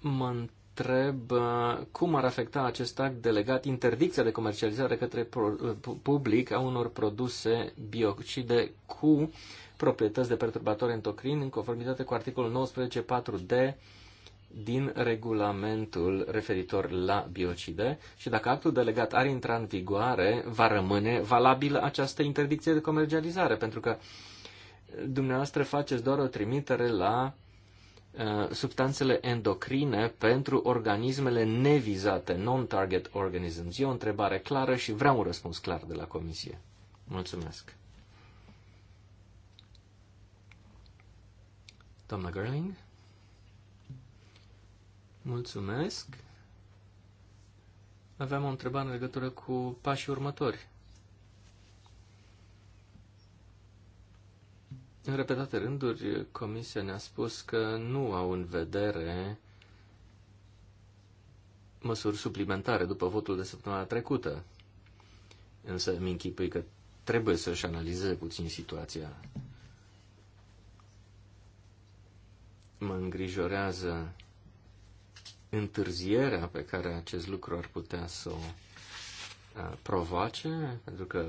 Mă întreb uh, cum ar afecta acest act delegat interdicția de comercializare către uh, public a unor produse biocide cu proprietăți de perturbatori endocrini în conformitate cu articolul 19.4d din regulamentul referitor la biocide și dacă actul delegat ar intra în vigoare, va rămâne valabilă această interdicție de comercializare, pentru că dumneavoastră faceți doar o trimitere la Uh, substanțele endocrine pentru organismele nevizate, non-target organisms? E o întrebare clară și vreau un răspuns clar de la Comisie. Mulțumesc. Doamna Gerling? Mulțumesc. Aveam o întrebare în legătură cu pașii următori. În repetate rânduri, Comisia ne-a spus că nu au în vedere măsuri suplimentare după votul de săptămâna trecută. Însă îmi închipui că trebuie să-și analizeze puțin situația. Mă îngrijorează întârzierea pe care acest lucru ar putea să o provoace, pentru că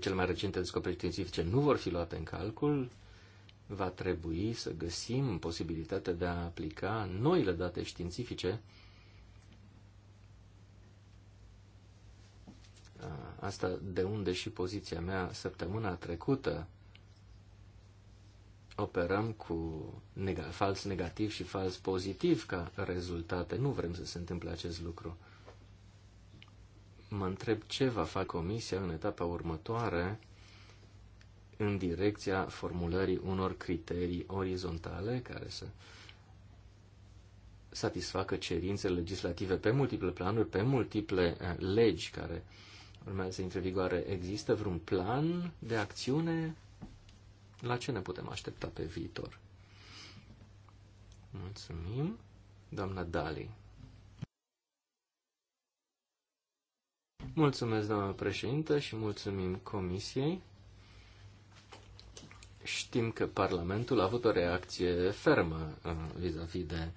cele mai recente descoperiri științifice nu vor fi luate în calcul, va trebui să găsim posibilitatea de a aplica noile date științifice. Asta de unde și poziția mea săptămâna trecută operăm cu neg- fals negativ și fals pozitiv ca rezultate. Nu vrem să se întâmple acest lucru. Mă întreb ce va face comisia în etapa următoare în direcția formulării unor criterii orizontale care să satisfacă cerințele legislative pe multiple planuri, pe multiple eh, legi care urmează să intre vigoare. Există vreun plan de acțiune? La ce ne putem aștepta pe viitor? Mulțumim, doamna Dali. Mulțumesc, doamna președintă, și mulțumim comisiei. Știm că Parlamentul a avut o reacție fermă uh, vis-a-vis -vis de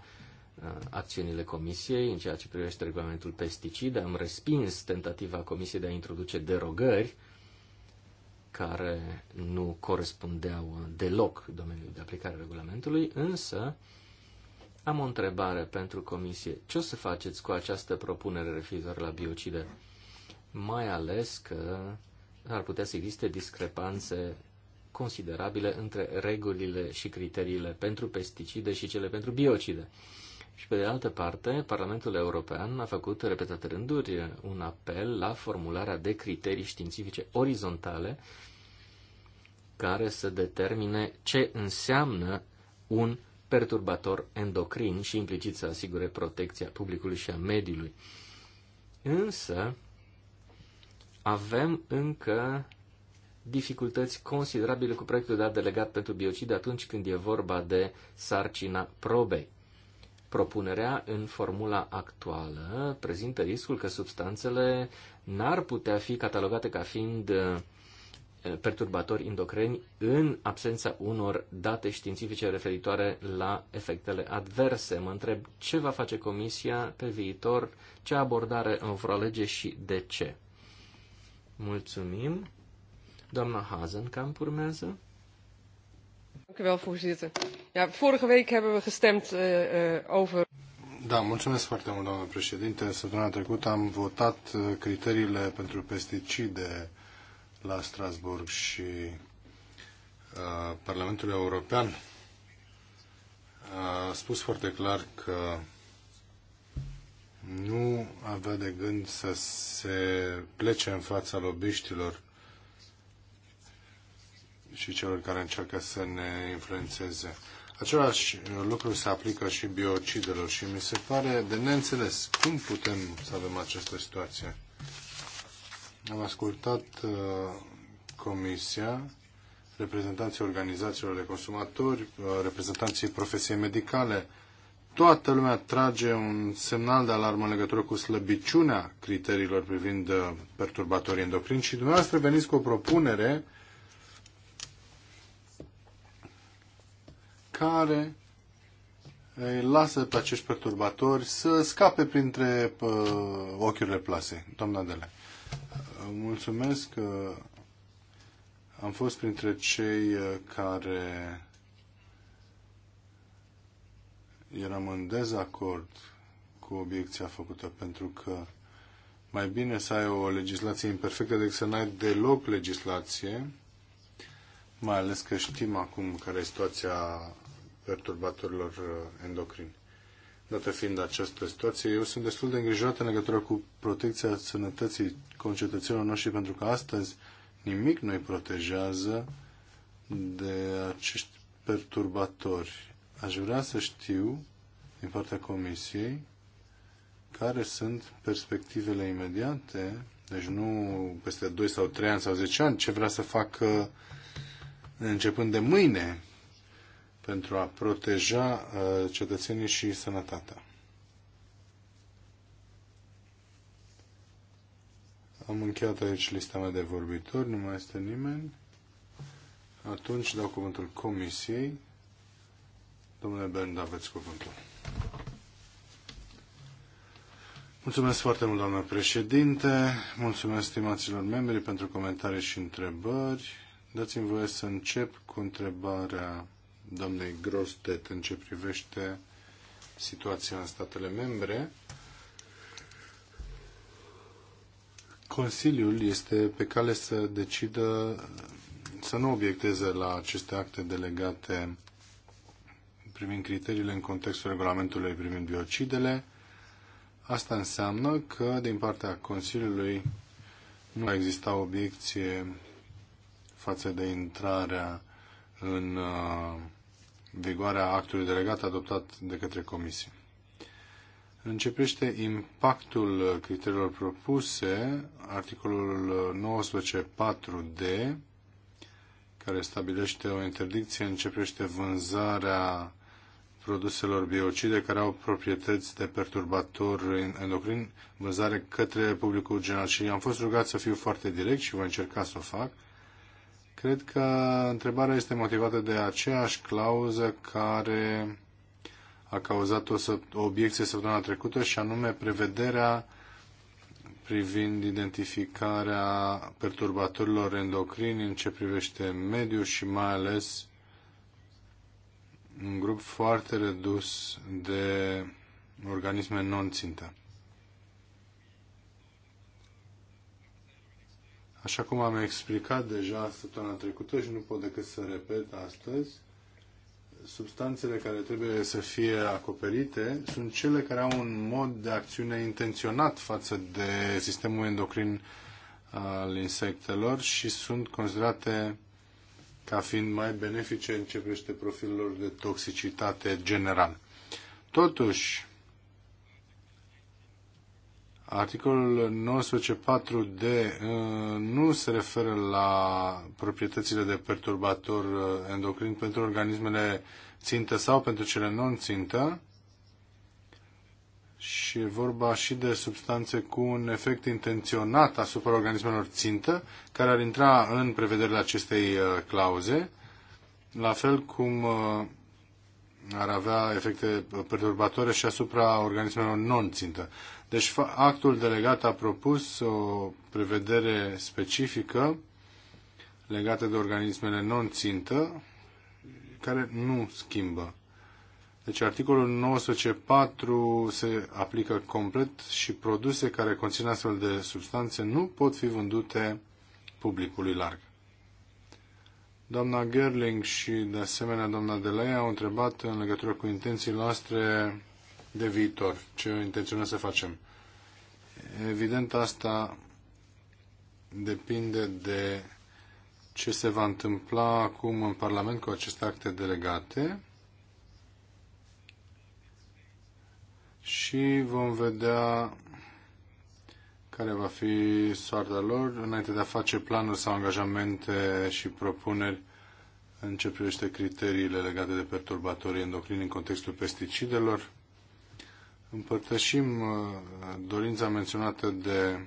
uh, acțiunile Comisiei în ceea ce privește regulamentul pesticide. Am respins tentativa Comisiei de a introduce derogări care nu corespundeau deloc domeniului de aplicare a regulamentului, însă am o întrebare pentru Comisie. Ce o să faceți cu această propunere referitoare la biocide? Mai ales că ar putea să existe discrepanțe considerabile între regulile și criteriile pentru pesticide și cele pentru biocide. Și pe de altă parte, Parlamentul European a făcut repetate rânduri un apel la formularea de criterii științifice orizontale care să determine ce înseamnă un perturbator endocrin și implicit să asigure protecția publicului și a mediului. Însă, avem încă dificultăți considerabile cu proiectul dat delegat pentru biocid atunci când e vorba de sarcina probei. Propunerea în formula actuală prezintă riscul că substanțele n-ar putea fi catalogate ca fiind eh, perturbatori endocrini în absența unor date științifice referitoare la efectele adverse. Mă întreb ce va face Comisia pe viitor, ce abordare vor alege și de ce. Mulțumim. Doamna Hazenkamp urmează. Dank u wel, voorzitter. Ja, vorige week hebben we gestemd uh, over... Da, mulțumesc foarte mult, doamnă președinte. Săptămâna trecută am votat eh, criteriile pentru pesticide la Strasburg și uh, Parlamentul European a spus foarte clar că nu avea de gând să se plece în fața lobiștilor și celor care încearcă să ne influențeze. Același lucru se aplică și biocidelor și mi se pare de neînțeles cum putem să avem această situație. Am ascultat uh, comisia, reprezentanții organizațiilor de consumatori, uh, reprezentanții profesiei medicale. Toată lumea trage un semnal de alarmă în legătură cu slăbiciunea criteriilor privind uh, perturbatorii endocrini și dumneavoastră veniți cu o propunere uh, care îi lasă pe acești perturbatori să scape printre uh, ochiurile plase, Doamna Dele, mulțumesc că am fost printre cei ă, care eram în dezacord cu obiecția făcută, pentru că mai bine să ai o legislație imperfectă decât să n-ai deloc legislație, mai ales că știm acum care e situația perturbatorilor uh, endocrini. Dată fiind această situație, eu sunt destul de îngrijorat în legătură cu protecția sănătății concetățenilor noștri, pentru că astăzi nimic nu îi protejează de acești perturbatori. Aș vrea să știu din partea Comisiei care sunt perspectivele imediate, deci nu peste 2 sau 3 ani sau 10 ani, ce vrea să facă începând de mâine pentru a proteja uh, cetățenii și sănătatea. Am încheiat aici lista mea de vorbitori, nu mai este nimeni. Atunci dau cuvântul comisiei. Domnule Bernd, aveți cuvântul. Mulțumesc foarte mult, doamnă președinte. Mulțumesc, stimaților membri, pentru comentarii și întrebări. Dați-mi voie să încep cu întrebarea doamnei Grostet în ce privește situația în statele membre. Consiliul este pe cale să decidă să nu obiecteze la aceste acte delegate privind criteriile în contextul regulamentului privind biocidele. Asta înseamnă că din partea Consiliului nu va exista obiecție față de intrarea în uh, vigoarea actului delegat adoptat de către Comisie. Începește impactul criteriilor propuse, articolul 19.4d, care stabilește o interdicție, începește vânzarea produselor biocide care au proprietăți de perturbator endocrin, vânzare către publicul general. Și am fost rugat să fiu foarte direct și voi încerca să o fac. Cred că întrebarea este motivată de aceeași clauză care a cauzat o, o obiecție săptămâna trecută și anume prevederea privind identificarea perturbatorilor endocrini în ce privește mediul și mai ales un grup foarte redus de organisme non-țintă. Așa cum am explicat deja săptămâna trecută și nu pot decât să repet astăzi, substanțele care trebuie să fie acoperite sunt cele care au un mod de acțiune intenționat față de sistemul endocrin al insectelor și sunt considerate ca fiind mai benefice în ce privește profilul de toxicitate general. Totuși, Articolul 19.4d uh, nu se referă la proprietățile de perturbator uh, endocrin pentru organismele țintă sau pentru cele non-țintă și e vorba și de substanțe cu un efect intenționat asupra organismelor țintă, care ar intra în prevederile acestei uh, clauze, la fel cum ar avea efecte perturbatoare și asupra organismelor non-țintă. Deci actul delegat a propus o prevedere specifică legată de organismele non-țintă, care nu schimbă. Deci articolul 904 se aplică complet și produse care conțin astfel de substanțe nu pot fi vândute publicului larg. Doamna Gerling și de asemenea doamna Delea au întrebat în legătură cu intențiile noastre de viitor, ce intenționăm să facem. Evident, asta depinde de ce se va întâmpla acum în Parlament cu aceste acte delegate și vom vedea care va fi soarta lor înainte de a face planuri sau angajamente și propuneri în ce privește criteriile legate de perturbatorii endocrini în contextul pesticidelor. Împărtășim uh, dorința menționată de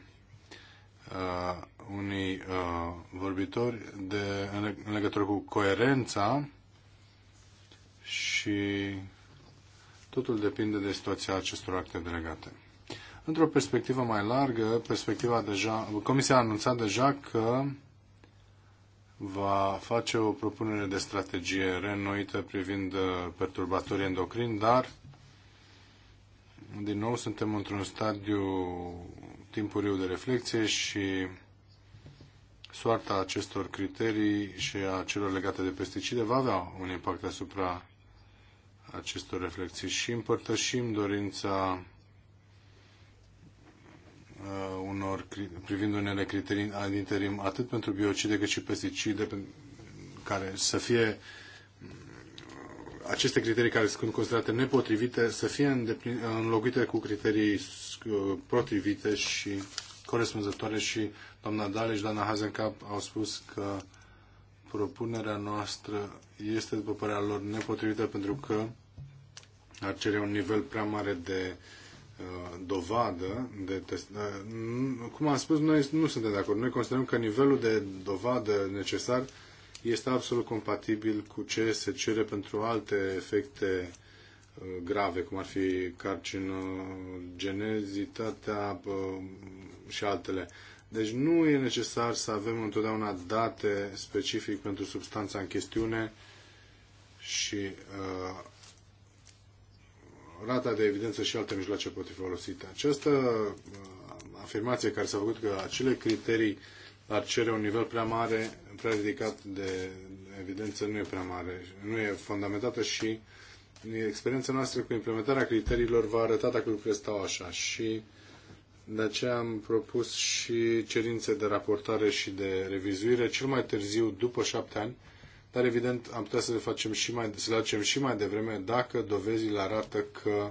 uh, unii uh, vorbitori de, în, în legătură cu coerența și totul depinde de situația acestor acte delegate. Într-o perspectivă mai largă, perspectiva deja, Comisia a anunțat deja că va face o propunere de strategie reînnoită privind uh, perturbatorii endocrini, dar din nou suntem într-un stadiu timpuriu de reflexie și soarta acestor criterii și a celor legate de pesticide va avea un impact asupra acestor reflexii și împărtășim dorința uh, unor, privind unele criterii ad interim, atât pentru biocide cât și pesticide, care să fie aceste criterii care sunt considerate nepotrivite să fie înlocuite cu criterii uh, potrivite și corespunzătoare și doamna Dale și doamna Hazencap au spus că propunerea noastră este, după părerea lor, nepotrivită pentru că ar cere un nivel prea mare de uh, dovadă de test. Uh, cum am spus, noi nu suntem de acord. Noi considerăm că nivelul de dovadă necesar este absolut compatibil cu ce se cere pentru alte efecte uh, grave, cum ar fi carcinogenezitatea uh, și altele. Deci nu e necesar să avem întotdeauna date specific pentru substanța în chestiune și uh, rata de evidență și alte mijloace pot fi folosite. Această uh, afirmație care s-a făcut că acele criterii ar cere un nivel prea mare, prea ridicat de evidență, nu e prea mare, nu e fundamentată și experiența noastră cu implementarea criteriilor va arăta dacă lucrurile stau așa și de aceea am propus și cerințe de raportare și de revizuire cel mai târziu după șapte ani, dar evident am putea să le facem și mai, să le facem și mai devreme dacă dovezile arată că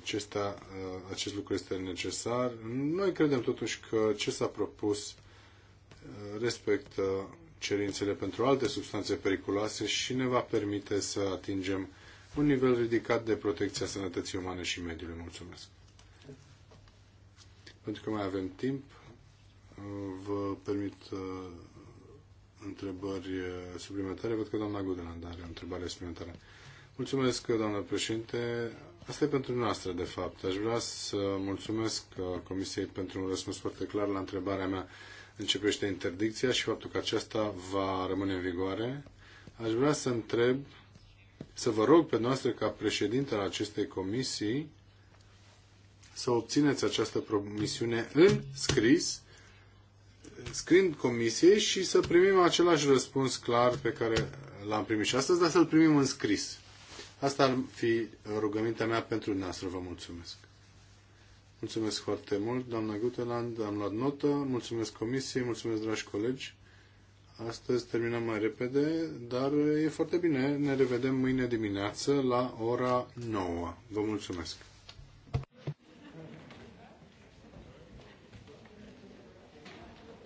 acesta, uh, acest lucru este necesar. Noi credem totuși că ce s-a propus uh, respectă cerințele pentru alte substanțe periculoase și ne va permite să atingem un nivel ridicat de protecție a sănătății umane și mediului. Mulțumesc! Pentru că mai avem timp, uh, vă permit întrebări suplimentare. Văd că doamna Gudeland are o întrebare suplimentară. Mulțumesc, doamnă președinte. Asta e pentru noastră, de fapt. Aș vrea să mulțumesc uh, Comisiei pentru un răspuns foarte clar la întrebarea mea începește interdicția și faptul că aceasta va rămâne în vigoare. Aș vrea să întreb, să vă rog pe noastră ca președinte al acestei comisii să obțineți această promisiune în scris, scrind comisiei și să primim același răspuns clar pe care l-am primit și astăzi, dar să-l primim în scris. Asta ar fi rugămintea mea pentru noastră. Vă mulțumesc. Mulțumesc foarte mult, doamna Guteland, am luat notă, mulțumesc comisiei, mulțumesc dragi colegi. Astăzi terminăm mai repede, dar e foarte bine. Ne revedem mâine dimineață la ora 9. Vă mulțumesc!